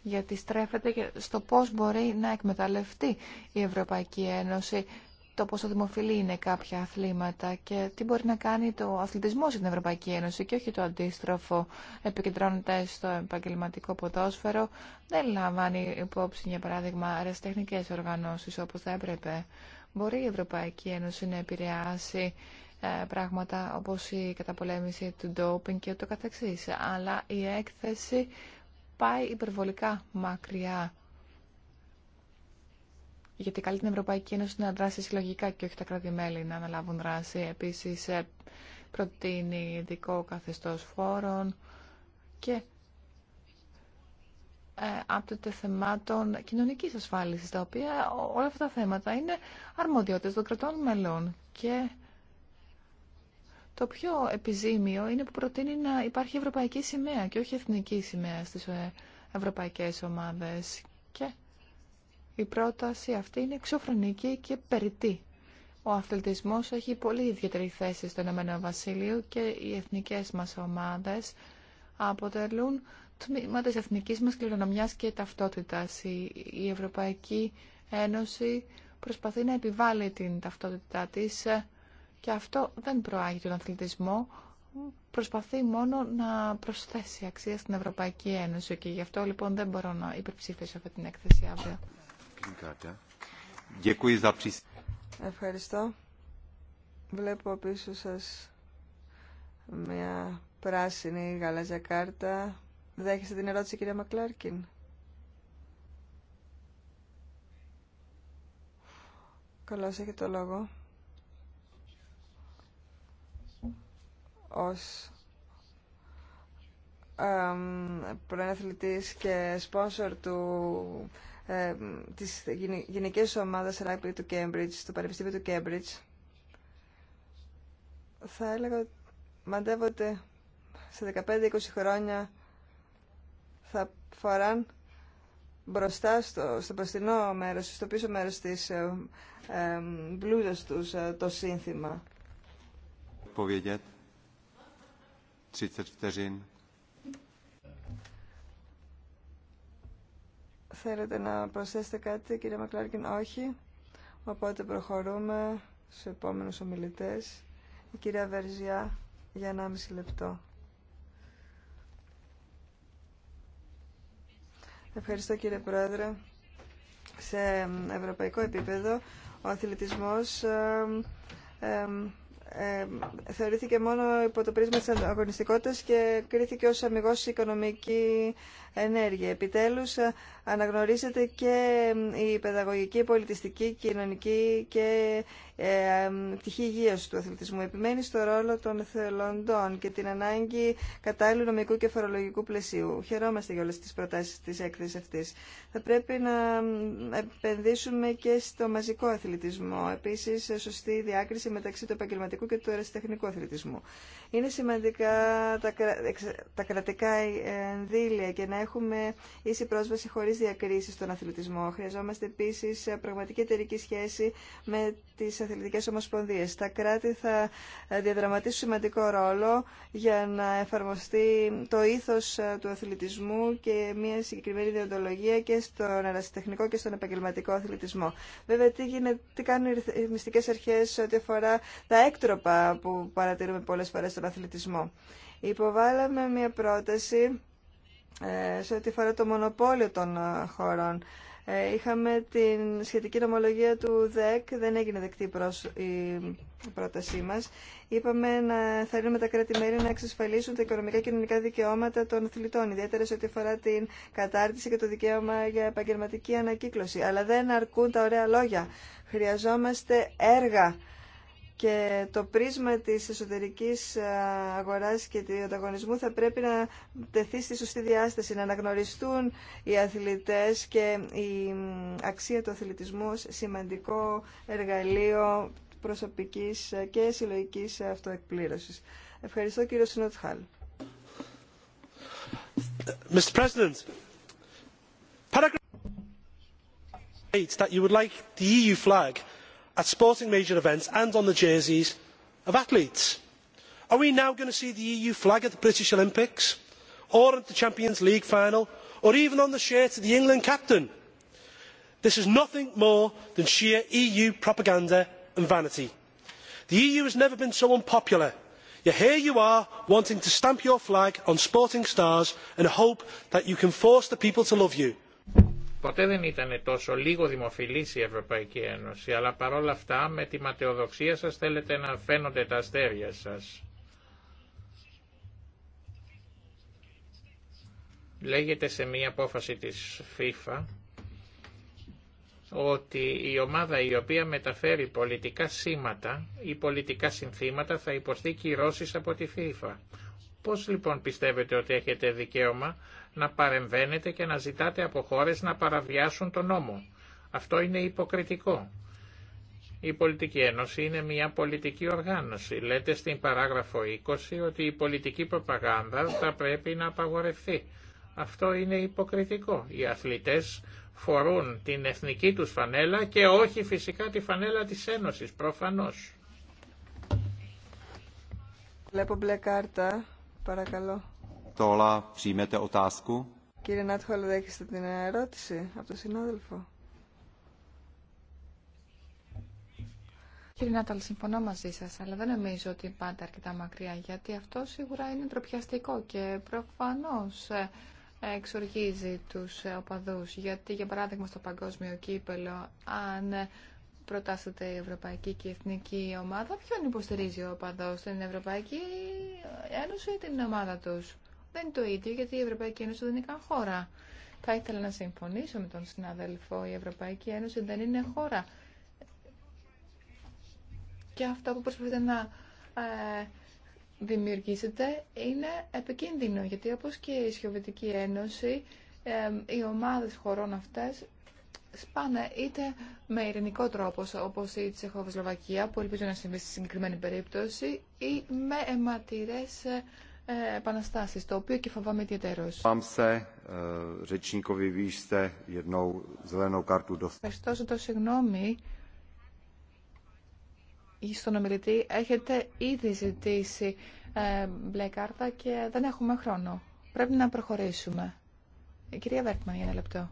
γιατί στρέφεται στο πώς μπορεί να εκμεταλλευτεί η Ευρωπαϊκή Ένωση το πόσο δημοφιλή είναι κάποια αθλήματα και τι μπορεί να κάνει το αθλητισμό στην Ευρωπαϊκή Ένωση και όχι το αντίστροφο. Επικεντρώνεται στο επαγγελματικό ποδόσφαιρο, δεν λαμβάνει υπόψη, για παράδειγμα, αεραστεχνικές οργανώσεις όπως θα έπρεπε. Μπορεί η Ευρωπαϊκή Ένωση να επηρεάσει ε, πράγματα όπως η καταπολέμηση του ντόπινγκ και το καθεξής. Αλλά η έκθεση πάει υπερβολικά μακριά. Γιατί καλεί την Ευρωπαϊκή Ένωση να δράσει συλλογικά και όχι τα κράτη-μέλη να αναλάβουν δράση. Επίσης ε, προτείνει ειδικό καθεστώς φόρων και ε, άπτεται θεμάτων κοινωνικής ασφάλισης, τα οποία όλα αυτά τα θέματα είναι αρμοδιότητες των κρατών μελών και το πιο επιζήμιο είναι που προτείνει να υπάρχει ευρωπαϊκή σημαία και όχι εθνική σημαία στις ε, ευρωπαϊκές ομάδες. Και η πρόταση αυτή είναι εξωφρονική και περιττή. Ο αθλητισμός έχει πολύ ιδιαίτερη θέση στον Ηνωμένο Βασίλειο και οι εθνικές μας ομάδες αποτελούν τμήμα της εθνικής μας κληρονομιάς και ταυτότητας. Η Ευρωπαϊκή Ένωση προσπαθεί να επιβάλλει την ταυτότητά της ε, και αυτό δεν προάγει τον αθλητισμό, προσπαθεί μόνο να προσθέσει αξία στην Ευρωπαϊκή Ένωση και γι' αυτό λοιπόν δεν μπορώ να υπερψηφίσω αυτή την έκθεση αύριο. Ευχαριστώ. Βλέπω πίσω σας μια πράσινη γαλάζια κάρτα. Δέχεστε την ερώτηση κυρία Μακλάρκιν. Καλώς έχει το λόγο. ως προέθλητης και σπόνσορ του, ε, της γυναικής ομάδας του Cambridge, του Πανεπιστήμιου του Cambridge, θα έλεγα ότι μαντεύονται σε 15-20 χρόνια θα φοράν μπροστά στο, στο προστινό μέρος, στο πίσω μέρος της ε, ε τους το σύνθημα. Θέλετε να προσθέσετε κάτι, κύριε Μακλάρκιν, όχι. Οπότε προχωρούμε στους επόμενους ομιλητές. Η κυρία Βερζιά για 1,5 λεπτό. Ευχαριστώ κύριε Πρόεδρε. Σε ευρωπαϊκό επίπεδο ο αθλητισμός ε, ε, ε, θεωρήθηκε μόνο υπό το πρίσμα της αγωνιστικότητας και κρίθηκε ως αμυγός οικονομική ενέργεια. Επιτέλους αναγνωρίζεται και η παιδαγωγική, πολιτιστική, κοινωνική και ε, πτυχή υγείας του αθλητισμού. Επιμένει στο ρόλο των θελοντών και την ανάγκη κατάλληλου νομικού και φορολογικού πλαισίου. Χαιρόμαστε για όλες τις προτάσεις της έκθεσης αυτής. Θα πρέπει να επενδύσουμε και στο μαζικό αθλητισμό. Επίσης, σωστή διάκριση μεταξύ του επαγγελματικού και του αεραστεχνικού αθλητισμού. Είναι σημαντικά τα, κρατικά ενδύλια και να έχουμε ίση πρόσβαση χωρί. Διακρίσει διακρίσεις στον αθλητισμό. Χρειαζόμαστε επίσης ε, πραγματική εταιρική σχέση με τις αθλητικές ομοσπονδίες. Τα κράτη θα ε, διαδραματίσουν σημαντικό ρόλο για να εφαρμοστεί το ήθος ε, του αθλητισμού και μια συγκεκριμένη διοντολογία και στον ερασιτεχνικό και στον επαγγελματικό αθλητισμό. Βέβαια, τι, γίνεται, τι κάνουν οι μυστικές αρχές ό,τι αφορά τα έκτροπα που παρατηρούμε πολλές φορές στον αθλητισμό. Υποβάλαμε μια πρόταση ε, σε ό,τι αφορά το μονοπόλιο των ε, χωρών. Ε, είχαμε την σχετική νομολογία του ΔΕΚ, δεν έγινε δεκτή η πρότασή μας. Είπαμε να θέλουμε τα κράτη-μέρη να εξασφαλίσουν τα οικονομικά και κοινωνικά δικαιώματα των αθλητών, ιδιαίτερα σε ό,τι αφορά την κατάρτιση και το δικαίωμα για επαγγελματική ανακύκλωση. Αλλά δεν αρκούν τα ωραία λόγια. Χρειαζόμαστε έργα και το πρίσμα της εσωτερικής ε, αγοράς και του ανταγωνισμού θα πρέπει να τεθεί στη σωστή διάσταση, να αναγνωριστούν οι αθλητές και η αξία του αθλητισμού ως σημαντικό εργαλείο προσωπικής ε, και συλλογικής αυτοεκπλήρωσης. Ευχαριστώ κύριο Σινότχαλ. Mr. President, e flag at sporting major events and on the jerseys of athletes. Are we now going to see the EU flag at the British Olympics, or at the Champions League final, or even on the shirt of the England captain? This is nothing more than sheer EU propaganda and vanity. The EU has never been so unpopular, yet here you are wanting to stamp your flag on sporting stars and hope that you can force the people to love you. Ποτέ δεν ήταν τόσο λίγο δημοφιλής η Ευρωπαϊκή Ένωση, αλλά παρόλα αυτά με τη ματαιοδοξία σας θέλετε να φαίνονται τα αστέρια σας. Λέγεται σε μία απόφαση της FIFA ότι η ομάδα η οποία μεταφέρει πολιτικά σήματα ή πολιτικά συνθήματα θα υποστεί κυρώσεις από τη FIFA. Πώς λοιπόν πιστεύετε ότι έχετε δικαίωμα να παρεμβαίνετε και να ζητάτε από χώρες να παραβιάσουν τον νόμο. Αυτό είναι υποκριτικό. Η Πολιτική Ένωση είναι μια πολιτική οργάνωση. Λέτε στην παράγραφο 20 ότι η πολιτική προπαγάνδα θα πρέπει να απαγορευτεί. Αυτό είναι υποκριτικό. Οι αθλητές φορούν την εθνική τους φανέλα και όχι φυσικά τη φανέλα της Ένωσης, προφανώς. Βλέπω μπλε κάρτα Παρακαλώ. Τώρα ψήμετε οτάσκου. Κύριε Νάτχολ, δέχεστε την ερώτηση από τον συνάδελφο. Κύριε Νάταλ, συμφωνώ μαζί σα, αλλά δεν νομίζω ότι πάτε αρκετά μακριά, γιατί αυτό σίγουρα είναι ντροπιαστικό και προφανώ ε, εξοργίζει του οπαδού. γιατί για παράδειγμα στο παγκόσμιο κύπελο αν ε, προτάσσεται η Ευρωπαϊκή και η Εθνική Ομάδα, ποιον υποστηρίζει ο παδός, την Ευρωπαϊκή Ένωση ή την ομάδα του. Δεν είναι το ίδιο γιατί η Ευρωπαϊκή Ένωση δεν είναι καν χώρα. Θα ήθελα να συμφωνήσω με τον συνάδελφο, η Ευρωπαϊκή Ένωση δεν είναι χώρα. Και αυτό που προσπαθείτε να ε, δημιουργήσετε είναι επικίνδυνο, γιατί όπως και η Σιωβετική Ένωση, ε, οι ομάδες χωρών αυτές σπάνε είτε με ειρηνικό τρόπο, όπω η Τσεχοβεσλοβακία, που ελπίζω να συμβεί στη συγκεκριμένη περίπτωση, ή με αιματηρές ε, επαναστάσει, το οποίο και φοβάμαι ιδιαίτερω. Ε, Ευχαριστώ το συγγνώμη. Στον ομιλητή έχετε ήδη ζητήσει ε, μπλε κάρτα και δεν έχουμε χρόνο. Πρέπει να προχωρήσουμε. Ε, κυρία για λεπτό.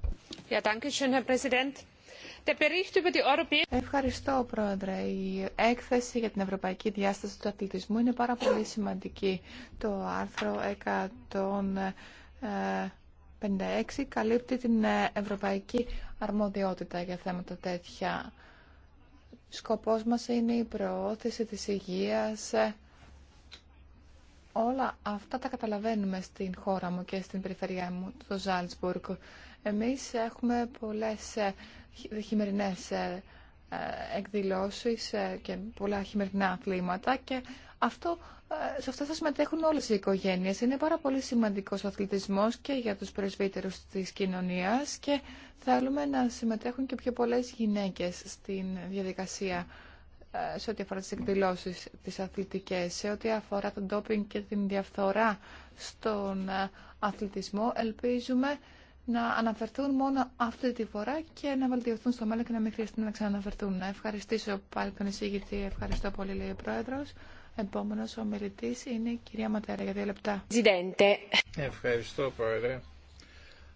Ευχαριστώ, Πρόεδρε. Η έκθεση για την Ευρωπαϊκή Διάσταση του Αθλητισμού είναι πάρα πολύ σημαντική. Το άρθρο 156 ε, καλύπτει την ε, ευρωπαϊκή αρμοδιότητα για θέματα τέτοια. Σκοπός μας είναι η προώθηση της υγείας Όλα αυτά τα καταλαβαίνουμε στην χώρα μου και στην περιφερειά μου, το Ζάλτσμπουργκ. Εμείς έχουμε πολλές ε, χειμερινές ε, ε, εκδηλώσεις και πολλά χειμερινά αθλήματα και αυτό, σε αυτά θα συμμετέχουν όλες οι οικογένειες. Είναι πάρα πολύ σημαντικός ο αθλητισμός και για τους πρεσβύτερους της κοινωνίας και θέλουμε να συμμετέχουν και πιο πολλές γυναίκες στην διαδικασία ε, σε ό,τι αφορά τις εκδηλώσεις τις αθλητικές, σε ό,τι αφορά τον ντόπινγκ και την διαφθορά στον ε, αθλητισμό, ελπίζουμε να αναφερθούν μόνο αυτή τη φορά και να βελτιωθούν στο μέλλον και να μην χρειαστεί να ξαναναφερθούν. Να ευχαριστήσω πάλι τον εισηγητή. Ευχαριστώ πολύ, λέει ο Πρόεδρος. Επόμενος ο είναι η κυρία Ματέρα για δύο λεπτά. Ευχαριστώ, Πρόεδρε.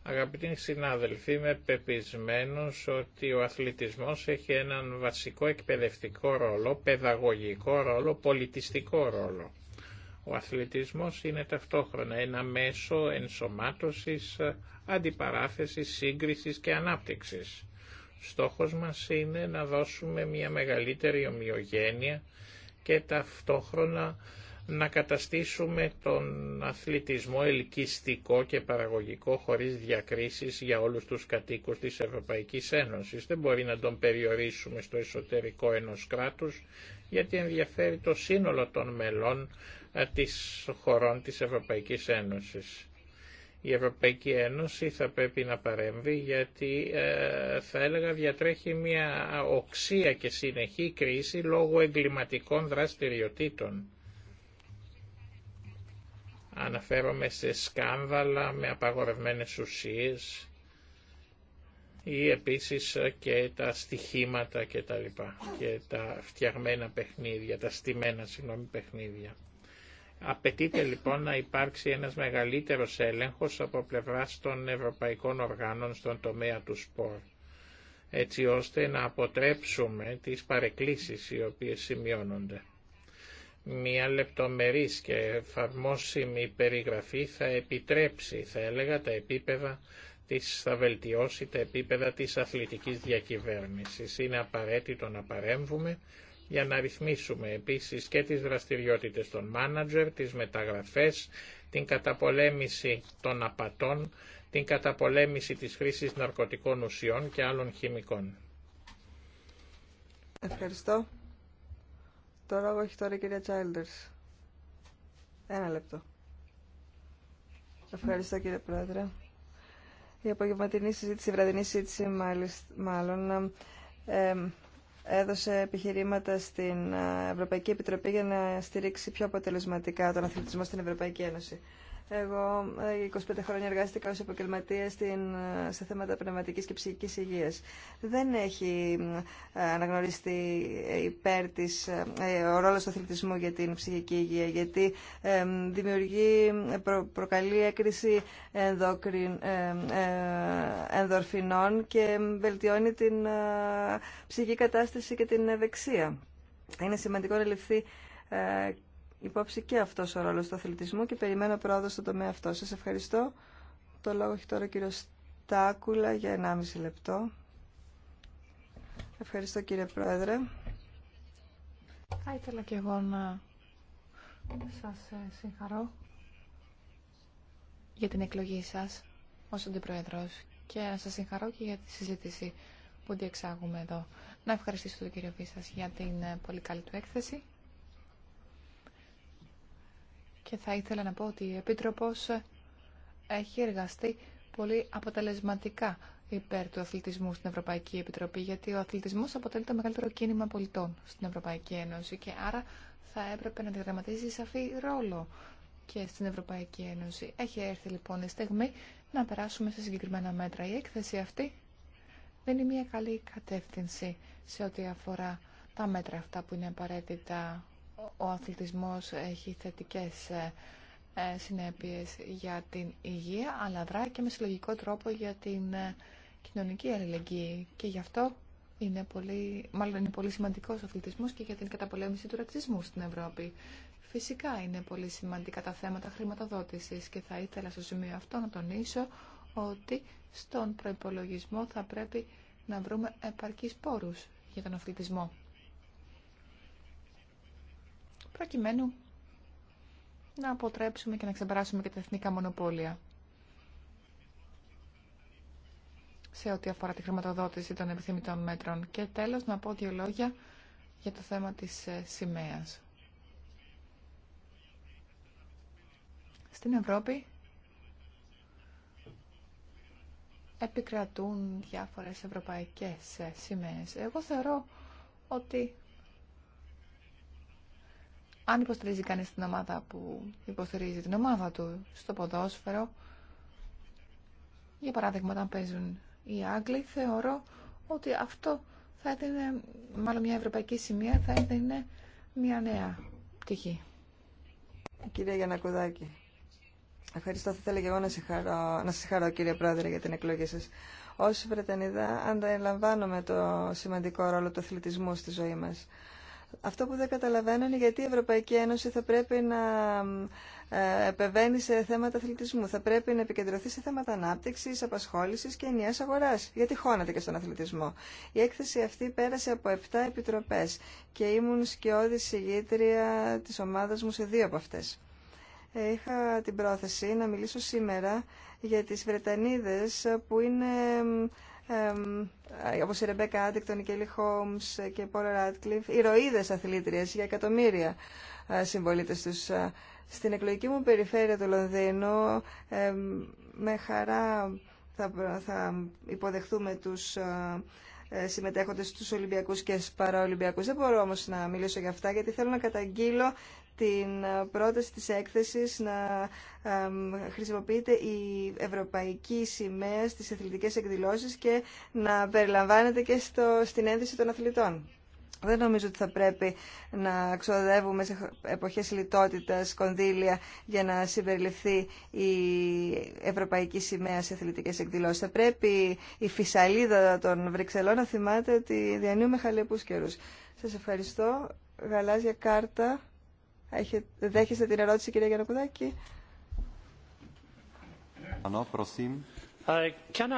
Αγαπητοί συνάδελφοι, είμαι πεπισμένος ότι ο αθλητισμός έχει έναν βασικό εκπαιδευτικό ρόλο, παιδαγωγικό ρόλο, πολιτιστικό ρόλο. Ο αθλητισμός είναι ταυτόχρονα ένα μέσο ενσωμάτωσης, αντιπαράθεσης, σύγκρισης και ανάπτυξης. Στόχος μας είναι να δώσουμε μια μεγαλύτερη ομοιογένεια και ταυτόχρονα να καταστήσουμε τον αθλητισμό ελκυστικό και παραγωγικό χωρίς διακρίσεις για όλους τους κατοίκους της Ευρωπαϊκής Ένωσης. Δεν μπορεί να τον περιορίσουμε στο εσωτερικό ενός κράτους γιατί ενδιαφέρει το σύνολο των μελών ε, της χωρών της Ευρωπαϊκής Ένωσης. Η Ευρωπαϊκή Ένωση θα πρέπει να παρέμβει γιατί ε, θα έλεγα διατρέχει μια οξία και συνεχή κρίση λόγω εγκληματικών δραστηριοτήτων Αναφέρομαι σε σκάνδαλα με απαγορευμένες ουσίες ή επίσης και τα στοιχήματα και τα λοιπά και τα φτιαγμένα παιχνίδια, τα στημένα συγγνώμη παιχνίδια. Απαιτείται λοιπόν να υπάρξει ένας μεγαλύτερος έλεγχος από πλευράς των ευρωπαϊκών οργάνων στον τομέα του σπορ, έτσι ώστε να αποτρέψουμε τις παρεκκλήσεις οι οποίες σημειώνονται μια λεπτομερής και εφαρμόσιμη περιγραφή θα επιτρέψει, θα έλεγα, τα επίπεδα της, θα βελτιώσει τα επίπεδα της αθλητικής διακυβέρνησης. Είναι απαραίτητο να παρέμβουμε για να ρυθμίσουμε επίσης και τις δραστηριότητες των μάνατζερ, τις μεταγραφές, την καταπολέμηση των απατών, την καταπολέμηση της χρήσης ναρκωτικών ουσιών και άλλων χημικών. Ευχαριστώ. Το λόγο έχει τώρα η κυρία Childers. Ένα λεπτό. Ευχαριστώ κύριε Πρόεδρε. Η απογευματινή συζήτηση, η βραδινή συζήτηση μάλιστα, μάλλον, έδωσε επιχειρήματα στην ε, Ευρωπαϊκή Επιτροπή για να στηρίξει πιο αποτελεσματικά τον αθλητισμό στην Ευρωπαϊκή Ένωση. Εγώ 25 ε, χρόνια εργάστηκα ως επαγγελματία ε, σε θέματα πνευματικής και ψυχικής υγείας. Δεν έχει ε, αναγνωριστεί υπέρ της, ο ρόλος του αθλητισμού για την ψυχική υγεία, γιατί δημιουργεί, προκαλεί έκρηση ενδοκριν, ενδορφινών και βελτιώνει την ψυχική κατάσταση και την ευεξία. Είναι σημαντικό να ληφθεί υπόψη και αυτό ο ρόλο του αθλητισμού και περιμένω πρόοδο στον τομέα αυτό. Σα ευχαριστώ. Το λόγο έχει τώρα ο κύριο Τάκουλα για 1,5 λεπτό. Ευχαριστώ κύριε Πρόεδρε. Θα ήθελα και εγώ να σας ε, συγχαρώ για την εκλογή σας ως αντιπρόεδρος και να σας συγχαρώ και για τη συζήτηση που διεξάγουμε εδώ. Να ευχαριστήσω τον κύριο Βίσας για την ε, πολύ καλή του έκθεση και θα ήθελα να πω ότι η Επίτροπος έχει εργαστεί πολύ αποτελεσματικά υπέρ του αθλητισμού στην Ευρωπαϊκή Επιτροπή, γιατί ο αθλητισμός αποτελεί το μεγαλύτερο κίνημα πολιτών στην Ευρωπαϊκή Ένωση και άρα θα έπρεπε να διαδραματίζει σαφή ρόλο και στην Ευρωπαϊκή Ένωση. Έχει έρθει λοιπόν η στιγμή να περάσουμε σε συγκεκριμένα μέτρα. Η έκθεση αυτή δεν είναι μια καλή κατεύθυνση σε ό,τι αφορά τα μέτρα αυτά που είναι απαραίτητα ο αθλητισμός έχει θετικές ε, ε, συνέπειες για την υγεία, αλλά δράει και με συλλογικό τρόπο για την ε, κοινωνική αλληλεγγύη. Και γι' αυτό είναι πολύ, μάλλον είναι πολύ σημαντικός ο αθλητισμός και για την καταπολέμηση του ρατσισμού στην Ευρώπη. Φυσικά είναι πολύ σημαντικά τα θέματα χρηματοδότησης και θα ήθελα στο σημείο αυτό να τονίσω ότι στον προϋπολογισμό θα πρέπει να βρούμε επαρκείς πόρους για τον αθλητισμό προκειμένου να αποτρέψουμε και να ξεπεράσουμε και τα εθνικά μονοπόλια σε ό,τι αφορά τη χρηματοδότηση των επιθυμητών μέτρων. Και τέλος να πω δύο λόγια για το θέμα της ε, σημαία. Στην Ευρώπη επικρατούν διάφορες ευρωπαϊκές ε, σημαίες. Εγώ θεωρώ ότι αν υποστηρίζει κανείς την ομάδα που υποστηρίζει την ομάδα του στο ποδόσφαιρο, για παράδειγμα όταν παίζουν οι Άγγλοι, θεωρώ ότι αυτό θα έδινε, μάλλον μια ευρωπαϊκή σημεία θα έδινε μια νέα πτυχή. Κύριε Γιανακουδάκη, ευχαριστώ. Θα ήθελα και εγώ να, χαρώ, να σας συγχαρώ κύριε Πρόεδρε για την εκλογή σας. Ως Βρετανίδα ανταλαμβάνομαι το σημαντικό ρόλο του αθλητισμού στη ζωή μας. Αυτό που δεν καταλαβαίνω είναι γιατί η Ευρωπαϊκή Ένωση θα πρέπει να ε, επεβαίνει σε θέματα αθλητισμού. Θα πρέπει να επικεντρωθεί σε θέματα ανάπτυξη, απασχόληση και ενιαία αγορά. Γιατί χώνατε και στον αθλητισμό. Η έκθεση αυτή πέρασε από 7 επιτροπέ και ήμουν σκιώδη συγγήτρια τη ομάδα μου σε δύο από αυτέ. Ε, είχα την πρόθεση να μιλήσω σήμερα για τις Βρετανίδες που είναι ε, Όπω η Ρεμπέκα Άντεκτον, η Κέλλη Χόμς και η Πόλα Ράτκλιφ, ηρωίδε αθλήτριε, για εκατομμύρια ε, συμπολίτε τους. Ε, στην εκλογική μου περιφέρεια του Λονδίνου με χαρά θα, θα υποδεχθούμε τους ε, συμμετέχοντες στους Ολυμπιακούς και Παραολυμπιακούς. Δεν μπορώ όμως να μιλήσω για αυτά γιατί θέλω να καταγγείλω την ε, πρόταση της έκθεσης να χρησιμοποιείται η ευρωπαϊκή σημαία στις αθλητικές εκδηλώσεις και να περιλαμβάνεται και στο, στην ένδυση των αθλητών. Δεν νομίζω ότι θα πρέπει να ξοδεύουμε σε εποχές λιτότητας κονδύλια για να συμπεριληφθεί η ευρωπαϊκή σημαία σε αθλητικές εκδηλώσεις. Θα πρέπει η φυσαλίδα των Βρυξελών να θυμάται ότι διανύουμε χαλεπούς καιρούς. Σας ευχαριστώ. Γαλάζια κάρτα Έχετε, δέχεστε την ερώτηση, κυρία Γιανακουδάκη. Ε,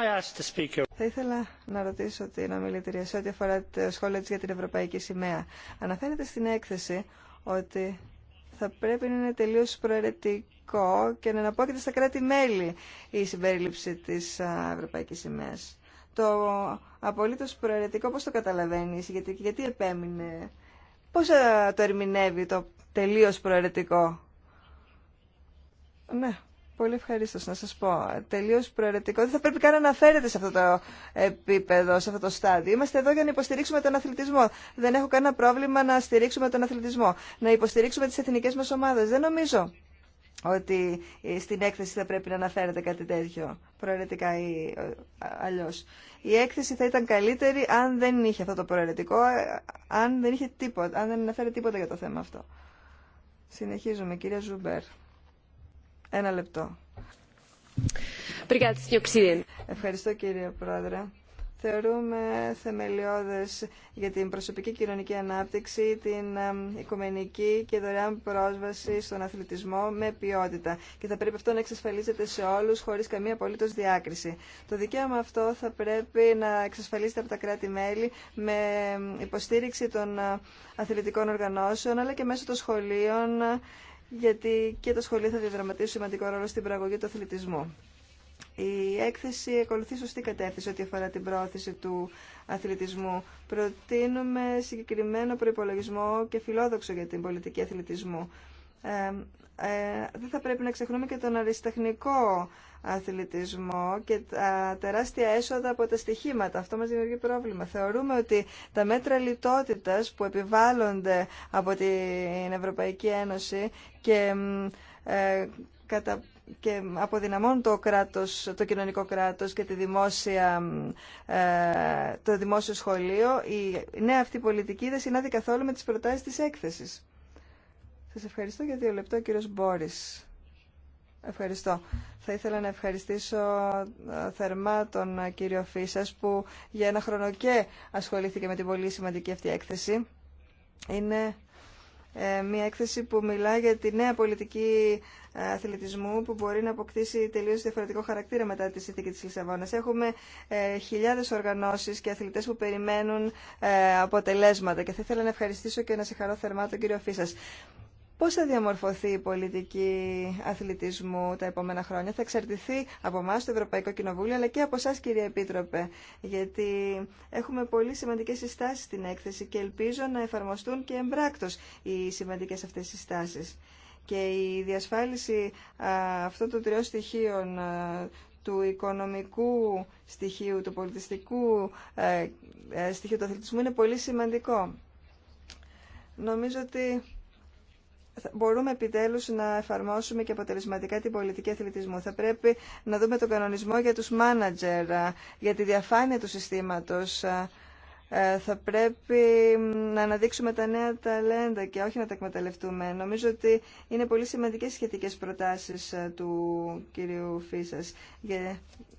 θα ήθελα να ρωτήσω την ομιλητηρία σε ό,τι αφορά το σχόλιο της για την Ευρωπαϊκή Σημαία. Αναφέρεται στην έκθεση ότι θα πρέπει να είναι τελείως προαιρετικό και να αναπόκειται στα κράτη-μέλη η συμπερίληψη της Ευρωπαϊκής Σημαίας. Το απολύτως προαιρετικό πώς το καταλαβαίνει, γιατί, γιατί επέμεινε, πώς το ερμηνεύει το τελείως προαιρετικό. Ναι, πολύ ευχαρίστω να σας πω. Τελείως προαιρετικό. Δεν θα πρέπει καν να αναφέρεται σε αυτό το επίπεδο, σε αυτό το στάδιο. Είμαστε εδώ για να υποστηρίξουμε τον αθλητισμό. Δεν έχω κανένα πρόβλημα να στηρίξουμε τον αθλητισμό. Να υποστηρίξουμε τις εθνικές μας ομάδες. Δεν νομίζω ότι στην έκθεση θα πρέπει να αναφέρεται κάτι τέτοιο προαιρετικά ή ε, αλλιώς. Η έκθεση θα ήταν καλύτερη αν δεν είχε αυτό το προαιρετικό, ε, αν δεν, είχε τίποτα, αν δεν αναφέρεται τίποτα για το θέμα αυτό. Συνεχίζουμε, κύριε Ζουμπέρ. Ένα λεπτό. Ευχαριστώ, κύριε Πρόεδρε θεωρούμε θεμελιώδες για την προσωπική κοινωνική ανάπτυξη, την οικουμενική και δωρεάν πρόσβαση στον αθλητισμό με ποιότητα. Και θα πρέπει αυτό να εξασφαλίζεται σε όλους χωρίς καμία απολύτως διάκριση. Το δικαίωμα αυτό θα πρέπει να εξασφαλίζεται από τα κράτη-μέλη με υποστήριξη των ε, αθλητικών οργανώσεων αλλά και μέσω των σχολείων γιατί και τα σχολεία θα διαδραματίσουν σημαντικό ρόλο στην πραγωγή του αθλητισμού. Η έκθεση ακολουθεί σωστή κατεύθυνση ό,τι αφορά την πρόθεση του αθλητισμού. Προτείνουμε συγκεκριμένο προπολογισμό και φιλόδοξο για την πολιτική αθλητισμού. Ε, ε, δεν θα πρέπει να ξεχνούμε και τον αριστεχνικό αθλητισμό και τα τεράστια έσοδα από τα στοιχήματα. Αυτό μας δημιουργεί πρόβλημα. Θεωρούμε ότι τα μέτρα λιτότητας που επιβάλλονται από την Ευρωπαϊκή Ένωση και ε, κατά και αποδυναμώνουν το, κράτος, το κοινωνικό κράτος και τη δημόσια, ε, το δημόσιο σχολείο, η νέα αυτή πολιτική δεν συνάδει καθόλου με τις προτάσεις της έκθεσης. Σας ευχαριστώ για δύο λεπτά, κύριος Μπόρης. Ευχαριστώ. Θα ήθελα να ευχαριστήσω ε, θερμά τον ε, κύριο Φίσας που για ένα χρόνο και ασχολήθηκε με την πολύ σημαντική αυτή έκθεση. Είναι ε, μια έκθεση που μιλά για τη νέα πολιτική ε, αθλητισμού που μπορεί να αποκτήσει τελείω διαφορετικό χαρακτήρα μετά τη συνθήκη τη Λισαβόνα. Έχουμε ε, χιλιάδε οργανώσει και αθλητέ που περιμένουν ε, αποτελέσματα και θα ήθελα να ευχαριστήσω και να συγχαρώ θερμά τον κύριο Φίσα. Πώς θα διαμορφωθεί η πολιτική αθλητισμού τα επόμενα χρόνια. Θα εξαρτηθεί από εμά το Ευρωπαϊκό Κοινοβούλιο, αλλά και από εσά, κύριε Επίτροπε, γιατί έχουμε πολύ σημαντικές συστάσεις στην έκθεση και ελπίζω να εφαρμοστούν και εμπράκτο οι σημαντικές αυτές συστάσεις. Και η διασφάλιση αυτών των τριών στοιχείων του οικονομικού στοιχείου, του πολιτιστικού ε, ε, στοιχείου του αθλητισμού είναι πολύ σημαντικό. Νομίζω ότι μπορούμε επιτέλους να εφαρμόσουμε και αποτελεσματικά την πολιτική αθλητισμού. Θα πρέπει να δούμε τον κανονισμό για τους μάνατζερ, για τη διαφάνεια του συστήματος, ε, θα πρέπει να αναδείξουμε τα νέα ταλέντα και όχι να τα εκμεταλλευτούμε. Νομίζω ότι είναι πολύ σημαντικές σχετικές προτάσεις ε, του κυρίου Φίσας,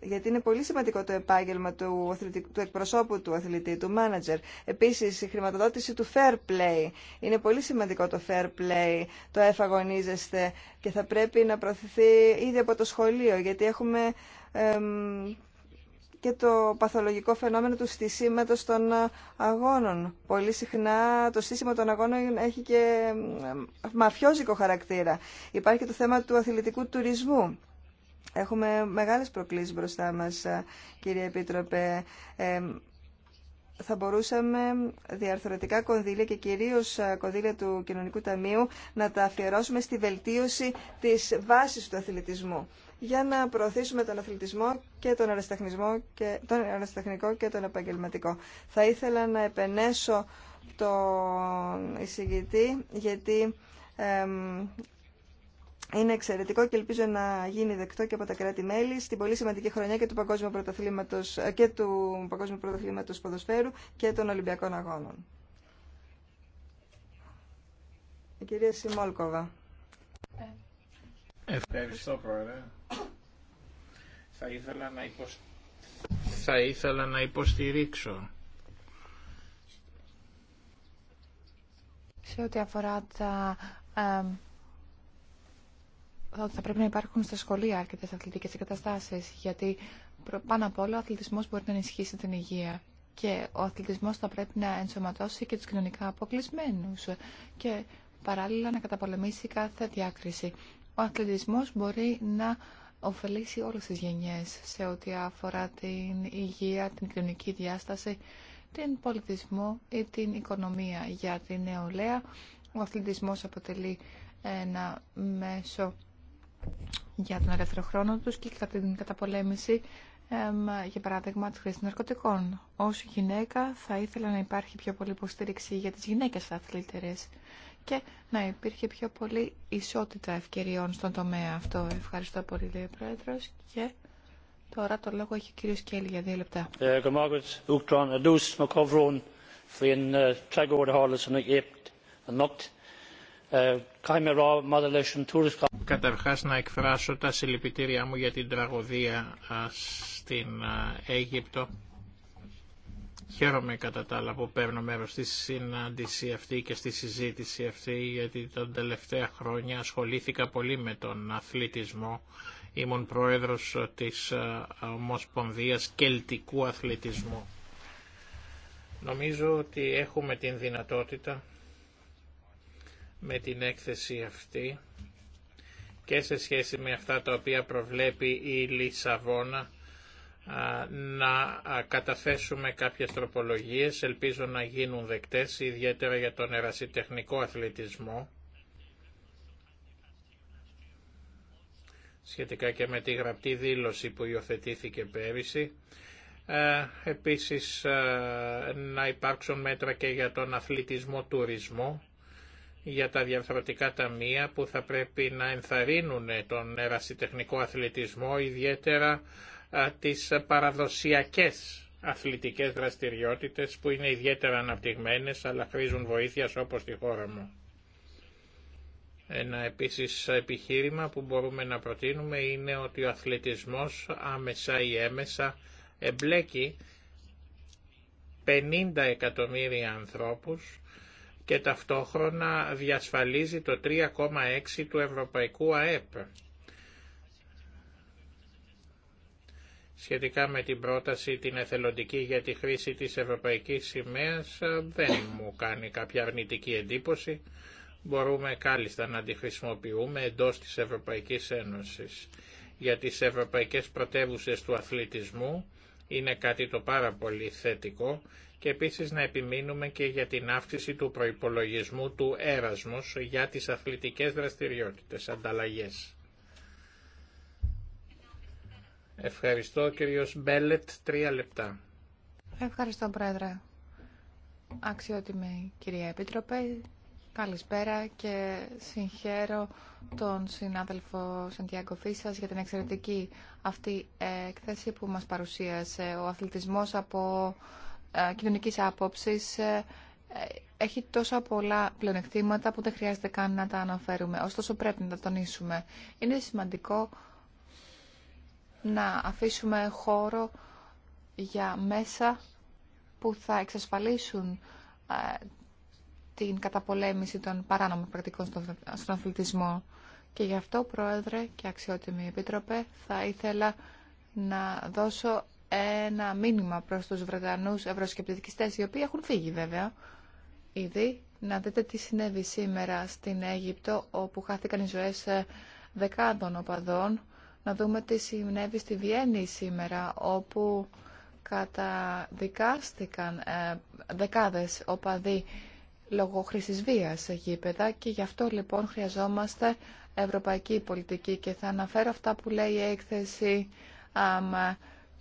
γιατί είναι πολύ σημαντικό το επάγγελμα του, του εκπροσώπου του αθλητή, του μάνατζερ. Επίσης, η χρηματοδότηση του fair play. Είναι πολύ σημαντικό το fair play, το εφαγωνίζεστε και θα πρέπει να προωθηθεί ήδη από το σχολείο, γιατί έχουμε και το παθολογικό φαινόμενο του στήσιματος των αγώνων. Πολύ συχνά το στήσιμο των αγώνων έχει και μαφιόζικο χαρακτήρα. Υπάρχει και το θέμα του αθλητικού τουρισμού. Έχουμε μεγάλες προκλήσεις μπροστά μας, ε, κύριε Επίτροπε. Ε, θα μπορούσαμε διαρθρωτικά κονδύλια και κυρίως ε, κονδύλια του Κοινωνικού Ταμείου να τα αφιερώσουμε στη βελτίωση της βάσης του αθλητισμού για να προωθήσουμε τον αθλητισμό και τον, αεραστεχνισμό και, τον και τον επαγγελματικό. Θα ήθελα να επενέσω τον εισηγητή γιατί είναι εξαιρετικό και ελπίζω να γίνει δεκτό και από τα κράτη-μέλη στην πολύ σημαντική χρονιά και του Παγκόσμιου Πρωταθλήματος, ε, και του Παγκόσμιου Πρωταθλήματος Ποδοσφαίρου και των Ολυμπιακών Αγώνων. Η κυρία Σιμόλκοβα. Ε. Ευχαριστώ, Πρόεδρε. Θα ήθελα να, υποστηρίξω. Σε ό,τι αφορά τα... ότι θα πρέπει να υπάρχουν στα σχολεία αρκετέ αθλητικέ εγκαταστάσει, γιατί πάνω απ' όλα ο αθλητισμό μπορεί να ενισχύσει την υγεία και ο αθλητισμός θα πρέπει να ενσωματώσει και του κοινωνικά αποκλεισμένου. και παράλληλα να καταπολεμήσει κάθε διάκριση. Ο αθλητισμό μπορεί να ωφελήσει όλες τις γενιές σε ό,τι αφορά την υγεία, την κοινωνική διάσταση, την πολιτισμό ή την οικονομία για την νεολαία. Ο αθλητισμός αποτελεί ένα μέσο για τον ελεύθερο χρόνο τους και κατά την καταπολέμηση για παράδειγμα της χρήσης ναρκωτικών. Ως γυναίκα θα ήθελα να υπάρχει πιο πολύ υποστήριξη για τις γυναίκες αθλήτερες και να υπήρχε πιο πολύ ισότητα ευκαιριών στον τομέα αυτό. Ευχαριστώ πολύ, λέει ο Πρόεδρος. Και τώρα το λόγο έχει ο κύριο Κέλλη για δύο λεπτά. Ε, ε, ε, Καταρχά να εκφράσω τα συλληπιτήριά μου για την τραγωδία στην Αίγυπτο Χαίρομαι κατά τα άλλα που παίρνω μέρος στη συνάντηση αυτή και στη συζήτηση αυτή γιατί τα τελευταία χρόνια ασχολήθηκα πολύ με τον αθλητισμό. Ήμουν πρόεδρος της ε, Ομοσπονδίας Κελτικού Αθλητισμού. Νομίζω ότι έχουμε την δυνατότητα με την έκθεση αυτή και σε σχέση με αυτά τα οποία προβλέπει η Λισαβόνα να καταθέσουμε κάποιες τροπολογίες, ελπίζω να γίνουν δεκτές, ιδιαίτερα για τον ερασιτεχνικό αθλητισμό, σχετικά και με τη γραπτή δήλωση που υιοθετήθηκε πέρυσι. Επίσης να υπάρξουν μέτρα και για τον αθλητισμό τουρισμό, για τα διαφορετικά ταμεία που θα πρέπει να ενθαρρύνουν τον ερασιτεχνικό αθλητισμό, ιδιαίτερα τις παραδοσιακές αθλητικές δραστηριότητες που είναι ιδιαίτερα αναπτυγμένες αλλά χρήζουν βοήθεια όπως στη χώρα μου. Ένα επίσης επιχείρημα που μπορούμε να προτείνουμε είναι ότι ο αθλητισμός άμεσα ή έμεσα εμπλέκει 50 εκατομμύρια ανθρώπους και ταυτόχρονα διασφαλίζει το 3,6 του Ευρωπαϊκού ΑΕΠ. σχετικά με την πρόταση την εθελοντική για τη χρήση της Ευρωπαϊκής Σημαίας ε, δεν μου κάνει κάποια αρνητική εντύπωση. Μπορούμε κάλλιστα να τη χρησιμοποιούμε εντός της Ευρωπαϊκής Ένωσης. Για τις ευρωπαϊκές πρωτεύουσες του αθλητισμού είναι κάτι το πάρα πολύ θετικό και επίσης να επιμείνουμε και για την αύξηση του προϋπολογισμού του έρασμος για τις αθλητικές δραστηριότητες, ανταλλαγές. Ευχαριστώ κύριος Μπέλετ, τρία λεπτά. Ευχαριστώ πρόεδρε. Αξιότιμη κυρία Επίτροπε, καλησπέρα και συγχαίρω τον συνάδελφο Σαντιάκο Φίσας για την εξαιρετική αυτή έκθεση που μας παρουσίασε. Ο αθλητισμός από ε, κοινωνικής άποψης ε, έχει τόσα πολλά πλεονεκτήματα που δεν χρειάζεται καν να τα αναφέρουμε. Ωστόσο πρέπει να τα τονίσουμε. Είναι σημαντικό να αφήσουμε χώρο για μέσα που θα εξασφαλίσουν ε, την καταπολέμηση των παράνομων πρακτικών στον αθλητισμό. Και γι' αυτό, Πρόεδρε και αξιότιμη Επίτροπε, θα ήθελα να δώσω ένα μήνυμα προς τους Βρετανούς ευρωσκεπτικιστές, οι οποίοι έχουν φύγει βέβαια ήδη, να δείτε τι συνέβη σήμερα στην Αίγυπτο, όπου χάθηκαν οι ζωές ε, δεκάδων οπαδών να δούμε τι συνέβη στη Βιέννη σήμερα, όπου καταδικάστηκαν ε, δεκάδες οπαδοί λόγω χρήσης βίας σε γήπεδα και γι' αυτό λοιπόν χρειαζόμαστε ευρωπαϊκή πολιτική και θα αναφέρω αυτά που λέει η έκθεση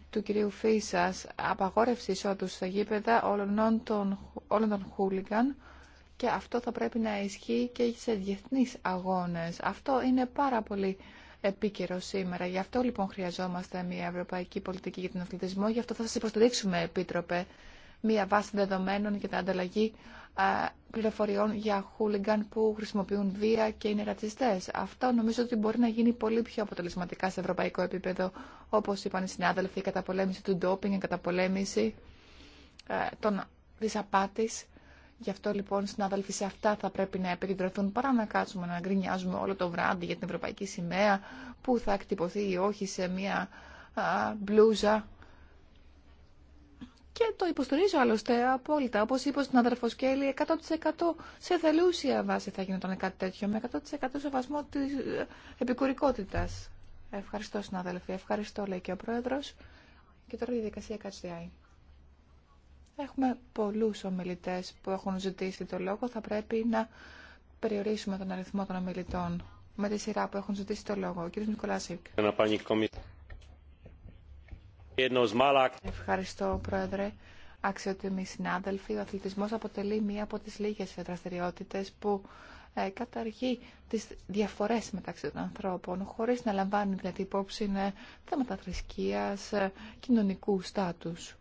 του κυρίου Φίσας απαγόρευση εισόδου σε γήπεδα όλων των, όλων των χούλιγκαν και αυτό θα πρέπει να ισχύει και σε διεθνείς αγώνες. Αυτό είναι πάρα πολύ επίκαιρο σήμερα. Γι' αυτό λοιπόν χρειαζόμαστε μια ευρωπαϊκή πολιτική για τον αθλητισμό. Γι' αυτό θα σας υποστηρίξουμε, Επίτροπε, μια βάση δεδομένων για την ανταλλαγή πληροφοριών για χούλιγκαν που χρησιμοποιούν βία και είναι ρατσιστέ. Αυτό νομίζω ότι μπορεί να γίνει πολύ πιο αποτελεσματικά σε ευρωπαϊκό επίπεδο, όπω είπαν οι συνάδελφοι, η καταπολέμηση του ντόπινγκ, η καταπολέμηση α, ε, των, της Γι' αυτό λοιπόν, συνάδελφοι, σε αυτά θα πρέπει να επικεντρωθούν παρά να κάτσουμε να γκρινιάζουμε όλο το βράδυ για την Ευρωπαϊκή Σημαία που θα εκτυπωθεί ή όχι σε μια μπλούζα. Και το υποστηρίζω άλλωστε απόλυτα. Όπω είπε ο συνάδελφο Κέλλη, 100% σε θελούσια βάση θα γινόταν κάτι τέτοιο, με 100% σεβασμό τη ε, επικουρικότητα. Ευχαριστώ, συνάδελφοι. Ευχαριστώ, λέει και ο πρόεδρο. Και τώρα η διαδικασία κάτσε Έχουμε πολλούς ομιλητές που έχουν ζητήσει το λόγο. Θα πρέπει να περιορίσουμε τον αριθμό των ομιλητών με τη σειρά που έχουν ζητήσει το λόγο. Ο κ. Νικολάσικ. Ευχαριστώ, Πρόεδρε. Αξιότιμοι συνάδελφοι, ο αθλητισμός αποτελεί μία από τις λίγες δραστηριότητε που ε, καταργεί τις διαφορές μεταξύ των ανθρώπων χωρίς να λαμβάνει δηλαδή υπόψη ε, θέματα θρησκείας, ε, κοινωνικού στάτους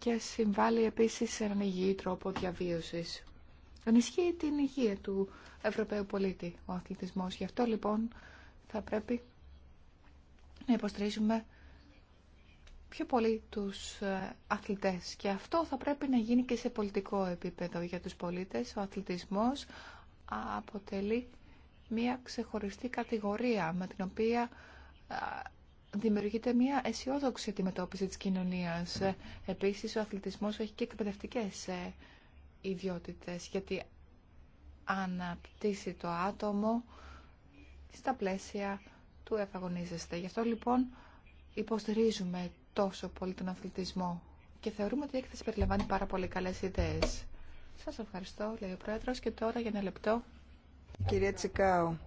και συμβάλλει επίσης σε έναν υγιή τρόπο διαβίωσης. Ενισχύει την υγεία του Ευρωπαίου πολίτη ο αθλητισμός. Γι' αυτό λοιπόν θα πρέπει να υποστηρίζουμε πιο πολύ τους ε, αθλητές. Και αυτό θα πρέπει να γίνει και σε πολιτικό επίπεδο για τους πολίτες. Ο αθλητισμός αποτελεί μια ξεχωριστή κατηγορία με την οποία δημιουργείται μια αισιόδοξη αντιμετώπιση της κοινωνίας. Επίσης, ο αθλητισμός έχει και εκπαιδευτικέ ε, ιδιότητες, γιατί αναπτύσσει το άτομο στα πλαίσια του εφαγωνίζεστε. Γι' αυτό, λοιπόν, υποστηρίζουμε τόσο πολύ τον αθλητισμό και θεωρούμε ότι η έκθεση περιλαμβάνει πάρα πολύ καλές ιδέες. Σας ευχαριστώ, λέει ο Πρόεδρος, και τώρα για ένα λεπτό. Κυρία Τσικάου,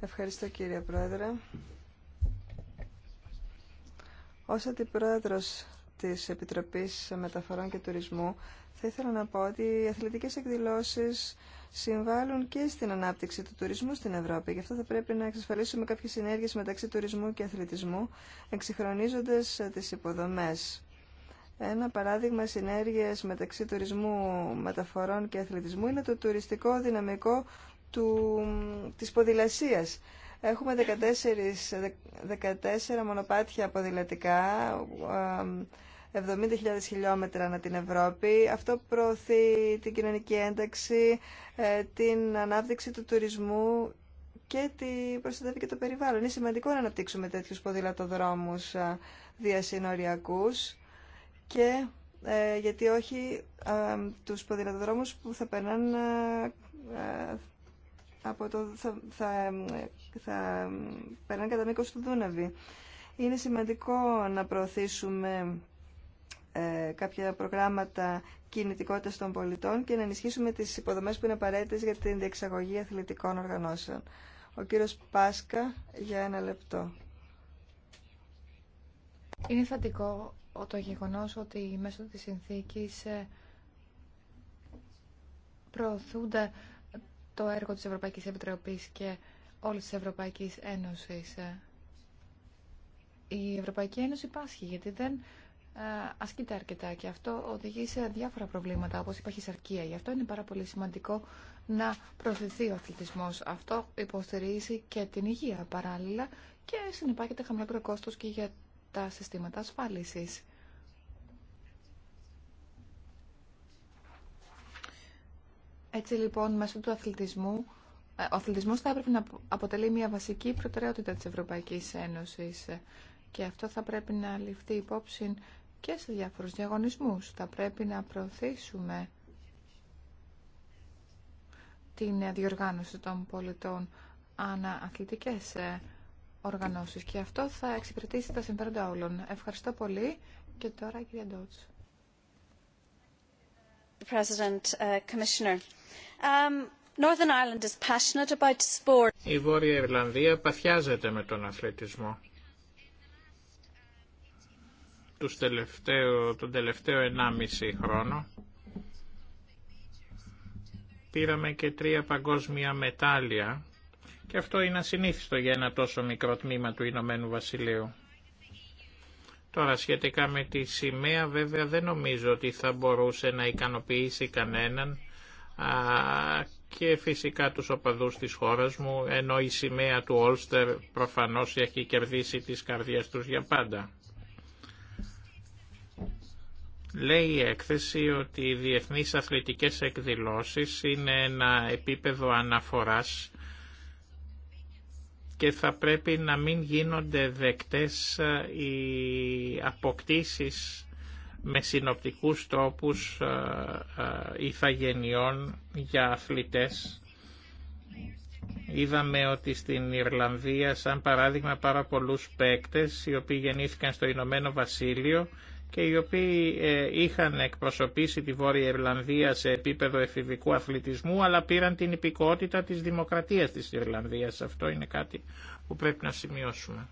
ευχαριστώ κύριε Πρόεδρε. Ως αντιπρόεδρος της Επιτροπής Μεταφορών και Τουρισμού θα ήθελα να πω ότι οι αθλητικές εκδηλώσεις συμβάλλουν και στην ανάπτυξη του τουρισμού στην Ευρώπη. Γι' αυτό θα πρέπει να εξασφαλίσουμε κάποιες συνέργειες μεταξύ τουρισμού και αθλητισμού, εξυγχρονίζοντας ε, τις υποδομές. Ένα παράδειγμα συνέργειας μεταξύ τουρισμού, μεταφορών και αθλητισμού είναι το τουριστικό δυναμικό του, της ποδηλασίας. Έχουμε 14, 14 μονοπάτια ποδηλατικά, 70.000 χιλιόμετρα ανά την Ευρώπη. Αυτό προωθεί την κοινωνική ένταξη, ε, την ανάπτυξη του τουρισμού και τη προστατεύει και το περιβάλλον. Είναι σημαντικό να αναπτύξουμε τέτοιους ποδηλατοδρόμους διασυνοριακούς και ε, γιατί όχι τους ποδηλατοδρόμους που θα περνάνε ε, από θα, θα, θα περνάνε κατά μήκος του Δούναβη. Είναι σημαντικό να προωθήσουμε ε, κάποια προγράμματα κινητικότητα των πολιτών και να ενισχύσουμε τις υποδομές που είναι απαραίτητες για την διεξαγωγή αθλητικών οργανώσεων. Ο κύριος Πάσκα για ένα λεπτό. Είναι θετικό το γεγονός ότι μέσω της συνθήκης ε, προωθούνται το έργο της Ευρωπαϊκής Επιτροπής και όλης της Ευρωπαϊκής Ένωσης. Η Ευρωπαϊκή Ένωση πάσχει γιατί δεν ε, ασκείται αρκετά και αυτό οδηγεί σε διάφορα προβλήματα όπως υπάρχει σαρκία. Γι' αυτό είναι πάρα πολύ σημαντικό να προωθηθεί ο αθλητισμός. Αυτό υποστηρίζει και την υγεία παράλληλα και συνεπάγεται χαμηλότερο κόστος και για τα συστήματα ασφάλισης. Έτσι λοιπόν, μέσω του αθλητισμού, ε, ο αθλητισμός θα έπρεπε να αποτελεί μια βασική προτεραιότητα της Ευρωπαϊκής Ένωσης ε, και αυτό θα πρέπει να ληφθεί υπόψη και σε διάφορου διαγωνισμού. Θα πρέπει να προωθήσουμε την ε, διοργάνωση των πολιτών ανά αθλητικές οργανώσεις και αυτό θα εξυπηρετήσει τα συμφέροντα όλων. Ευχαριστώ πολύ και τώρα κυρία η Βόρεια Ιρλανδία παθιάζεται με τον αθλητισμό. τελευταίο, τον τελευταίο 1,5 χρόνο πήραμε και τρία παγκόσμια μετάλλια και αυτό είναι ασυνήθιστο για ένα τόσο μικρό τμήμα του Ηνωμένου Βασιλείου. Τώρα σχετικά με τη σημαία βέβαια δεν νομίζω ότι θα μπορούσε να ικανοποιήσει κανέναν και φυσικά τους οπαδούς της χώρας μου, ενώ η σημαία του Όλστερ προφανώς έχει κερδίσει τις καρδιές τους για πάντα. Λέει η έκθεση ότι οι διεθνείς αθλητικές εκδηλώσεις είναι ένα επίπεδο αναφοράς και θα πρέπει να μην γίνονται δεκτές ε, οι αποκτήσεις με συνοπτικούς τόπους ε, ε, ηθαγενειών για αθλητές. Είδαμε ότι στην Ιρλανδία, σαν παράδειγμα, πάρα πολλούς παίκτες οι οποίοι γεννήθηκαν στο Ηνωμένο Βασίλειο και οι οποίοι ε, είχαν εκπροσωπήσει τη Βόρεια Ιρλανδία σε επίπεδο εφηβικού αθλητισμού αλλά πήραν την υπηκότητα της δημοκρατίας της Ιρλανδίας. Αυτό είναι κάτι που πρέπει να σημειώσουμε.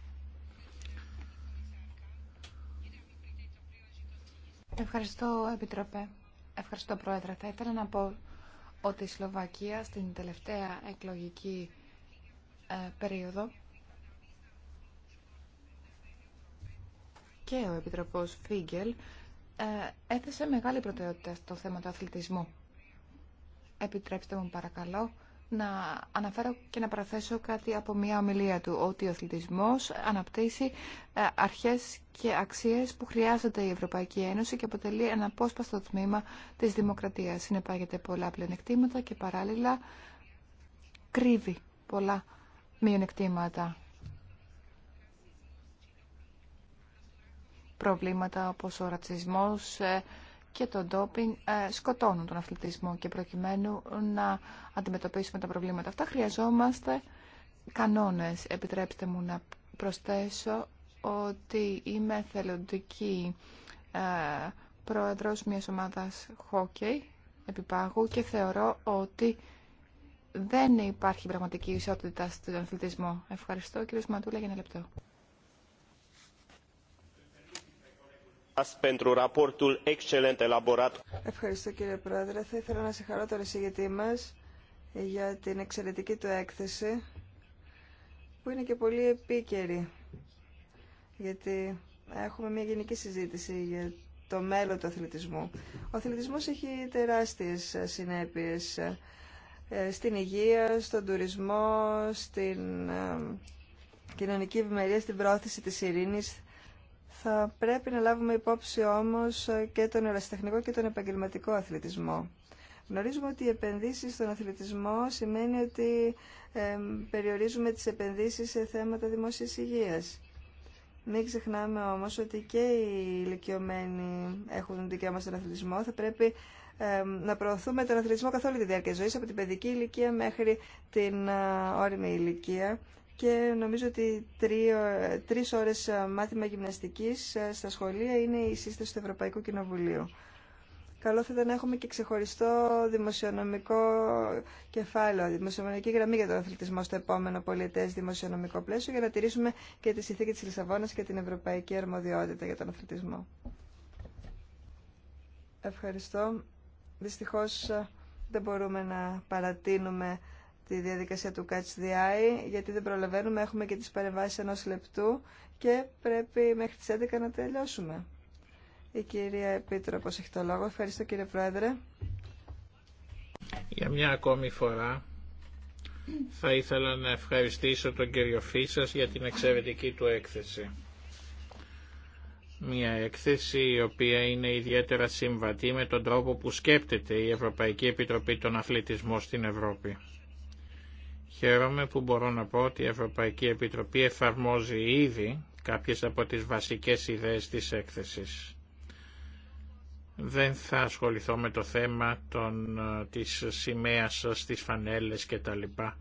Ευχαριστώ, Επιτροπέ. Ευχαριστώ, Πρόεδρε. Θα ήθελα να πω ότι η Σλοβακία στην τελευταία εκλογική ε, περίοδο και ο Επιτροπός Φίγκελ ε, έθεσε μεγάλη προτεραιότητα στο θέμα του αθλητισμού. Επιτρέψτε μου παρακαλώ να αναφέρω και να παραθέσω κάτι από μια ομιλία του, ότι ο αθλητισμός αναπτύσσει ε, αρχές και αξίες που χρειάζεται η Ευρωπαϊκή Ένωση και αποτελεί ένα απόσπαστο τμήμα της δημοκρατίας. Συνεπάγεται πολλά πλεονεκτήματα και παράλληλα κρύβει πολλά μειονεκτήματα. προβλήματα όπως ο ρατσισμός ε, και το ντόπινγκ ε, σκοτώνουν τον αθλητισμό και προκειμένου να αντιμετωπίσουμε τα προβλήματα αυτά χρειαζόμαστε κανόνες. Επιτρέψτε μου να προσθέσω ότι είμαι θελοντική ε, πρόεδρος μιας ομάδας χόκεϊ επιπάγου και θεωρώ ότι δεν υπάρχει πραγματική ισότητα στον αθλητισμό. Ευχαριστώ κύριε Σματούλα για ένα λεπτό. Ευχαριστώ κύριε Πρόεδρε. Θα ήθελα να συγχαρώ τον εισηγητή μα για την εξαιρετική του έκθεση που είναι και πολύ επίκαιρη γιατί έχουμε μια γενική συζήτηση για το μέλλον του αθλητισμού. Ο αθλητισμός έχει τεράστιες συνέπειες ε, στην υγεία, στον τουρισμό, στην ε, κοινωνική ευημερία, στην πρόθεση της ειρήνης, θα πρέπει να λάβουμε υπόψη όμως και τον ερασιτεχνικό και τον επαγγελματικό αθλητισμό. Γνωρίζουμε ότι οι επενδύσεις στον αθλητισμό σημαίνει ότι περιορίζουμε τις επενδύσεις σε θέματα δημόσιας υγείας. Μην ξεχνάμε όμως ότι και οι ηλικιωμένοι έχουν δικαίωμα στον αθλητισμό. Θα πρέπει να προωθούμε τον αθλητισμό καθ' όλη τη διάρκεια ζωής, από την παιδική ηλικία μέχρι την ε, ηλικία και νομίζω ότι τρεις ώρες ε, μάθημα γυμναστικής ε, στα σχολεία είναι η σύσταση του Ευρωπαϊκού Κοινοβουλίου. Καλό θα ήταν να έχουμε και ξεχωριστό δημοσιονομικό κεφάλαιο, δημοσιονομική γραμμή για τον αθλητισμό στο επόμενο πολιτέ δημοσιονομικό πλαίσιο για να τηρήσουμε και τη συνθήκη τη Λισαβόνα και την ευρωπαϊκή αρμοδιότητα για τον αθλητισμό. Ευχαριστώ. Δυστυχώ ε, δεν μπορούμε να παρατείνουμε τη διαδικασία του Catch the Eye, γιατί δεν προλαβαίνουμε, έχουμε και τις παρεμβάσεις ενός λεπτού και πρέπει μέχρι τις 11 να τελειώσουμε. Η κυρία Επίτροπος έχει το λόγο. Ευχαριστώ κύριε Πρόεδρε. Για μια ακόμη φορά θα ήθελα να ευχαριστήσω τον κύριο Φίσας για την εξαιρετική του έκθεση. Μια έκθεση η οποία είναι ιδιαίτερα συμβατή με τον τρόπο που σκέπτεται η Ευρωπαϊκή Επιτροπή των Αθλητισμό στην Ευρώπη. Χαίρομαι που μπορώ να πω ότι η Ευρωπαϊκή Επιτροπή εφαρμόζει ήδη κάποιες από τις βασικές ιδέες της έκθεσης. Δεν θα ασχοληθώ με το θέμα των, ε, της σημαίας στις φανέλες και τα λοιπά.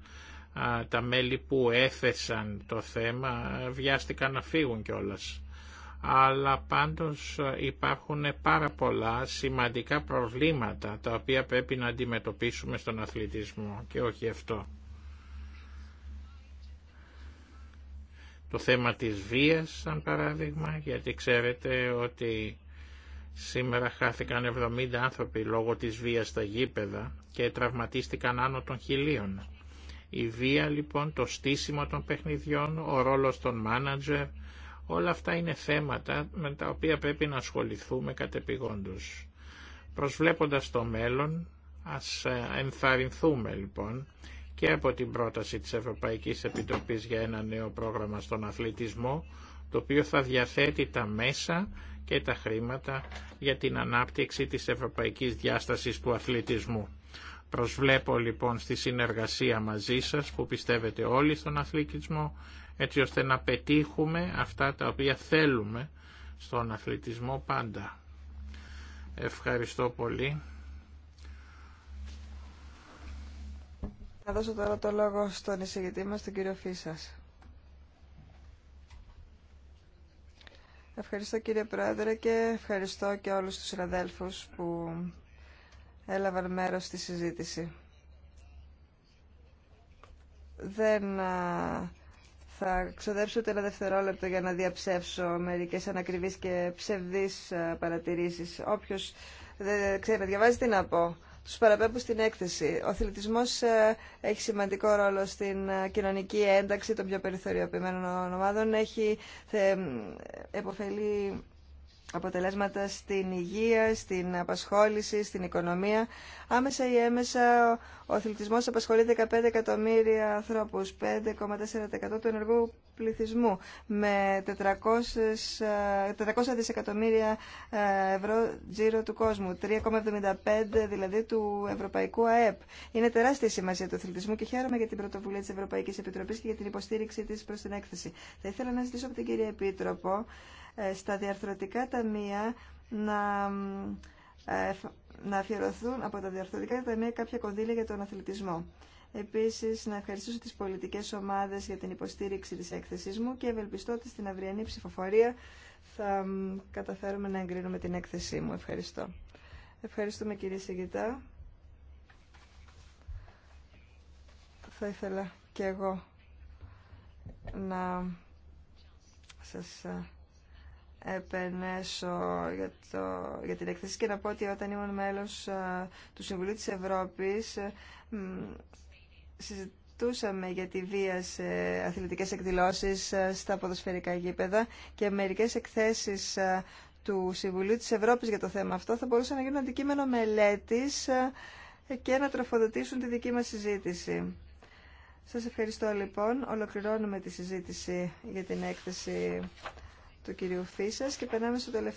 Τα μέλη που έθεσαν το θέμα βιάστηκαν να φύγουν κιόλας. Αλλά πάντως ε, υπάρχουν πάρα πολλά σημαντικά προβλήματα τα οποία πρέπει να αντιμετωπίσουμε στον αθλητισμό και όχι αυτό. το θέμα της βίας σαν παράδειγμα γιατί ξέρετε ότι σήμερα χάθηκαν 70 άνθρωποι λόγω της βίας στα γήπεδα και τραυματίστηκαν άνω των χιλίων. Η βία λοιπόν, το στήσιμο των παιχνιδιών, ο ρόλος των μάνατζερ, όλα αυτά είναι θέματα με τα οποία πρέπει να ασχοληθούμε κατεπηγόντως. Προσβλέποντας το μέλλον, ας ε, ενθαρρυνθούμε λοιπόν και από την πρόταση της Ευρωπαϊκής Επιτροπής για ένα νέο πρόγραμμα στον αθλητισμό, το οποίο θα διαθέτει τα μέσα και τα χρήματα για την ανάπτυξη της ευρωπαϊκής διάστασης του αθλητισμού. Προσβλέπω λοιπόν στη συνεργασία μαζί σας που πιστεύετε όλοι στον αθλητισμό έτσι ώστε να πετύχουμε αυτά τα οποία θέλουμε στον αθλητισμό πάντα. Ευχαριστώ πολύ. Να δώσω τώρα το λόγο στον εισηγητή μας, τον κύριο Φίσας. Ευχαριστώ κύριε Πρόεδρε και ευχαριστώ και όλους τους συναδέλφους που έλαβαν μέρος στη συζήτηση. Δεν θα ξοδέψω ούτε ένα δευτερόλεπτο για να διαψεύσω μερικές ανακριβείς και ψευδείς παρατηρήσεις. Όποιος δεν ξέρει να διαβάζει τι να πω. Τους παραπέμπω στην έκθεση. Ο αθλητισμός ε, έχει σημαντικό ρόλο στην ε, κοινωνική ένταξη των πιο περιθωριοποιημένων ομάδων. Έχει ε, επωφελή αποτελέσματα στην υγεία, στην απασχόληση, στην οικονομία. Άμεσα ή έμεσα ο αθλητισμός απασχολεί 15 εκατομμύρια ανθρώπους, 5,4% του ενεργού πληθυσμού, με 400, ε, δισεκατομμύρια ε, ευρώ τζίρο του κόσμου, 3,75 δηλαδή του ευρωπαϊκού ΑΕΠ. Είναι τεράστια σημασία του αθλητισμού και χαίρομαι για την πρωτοβουλία της Ευρωπαϊκής Επιτροπής και για την υποστήριξή της προς την έκθεση. Θα ήθελα να ζητήσω από την κυρία Επίτροπο ε, στα διαρθρωτικά ταμεία να, ε, να αφιερωθούν από τα διαρθρωτικά ταμεία κάποια κονδύλια για τον αθλητισμό. Επίσης, να ευχαριστήσω τις πολιτικές ομάδες για την υποστήριξη της έκθεσής μου και ευελπιστώ ότι στην αυριανή ψηφοφορία θα καταφέρουμε να εγκρίνουμε την έκθεσή μου. Ευχαριστώ. Ευχαριστούμε κύριε Σιγητά. Θα ήθελα και εγώ να σας ε, επενέσω για, το, για την εκθέση και να πω ότι όταν ήμουν μέλος ε, του Συμβουλίου της Ευρώπης ε, συζητούσαμε για τη βία σε αθλητικές εκδηλώσεις ε, στα ποδοσφαιρικά γήπεδα και μερικές εκθέσεις του Συμβουλίου της Ευρώπης για το θέμα αυτό θα μπορούσαν να γίνουν αντικείμενο μελέτης και να τροφοδοτήσουν τη δική μας συζήτηση. Σας ευχαριστώ λοιπόν. Ολοκληρώνουμε τη συζήτηση για την έκθεση το κύριο φύσας και περνάμε στο τελευταίο.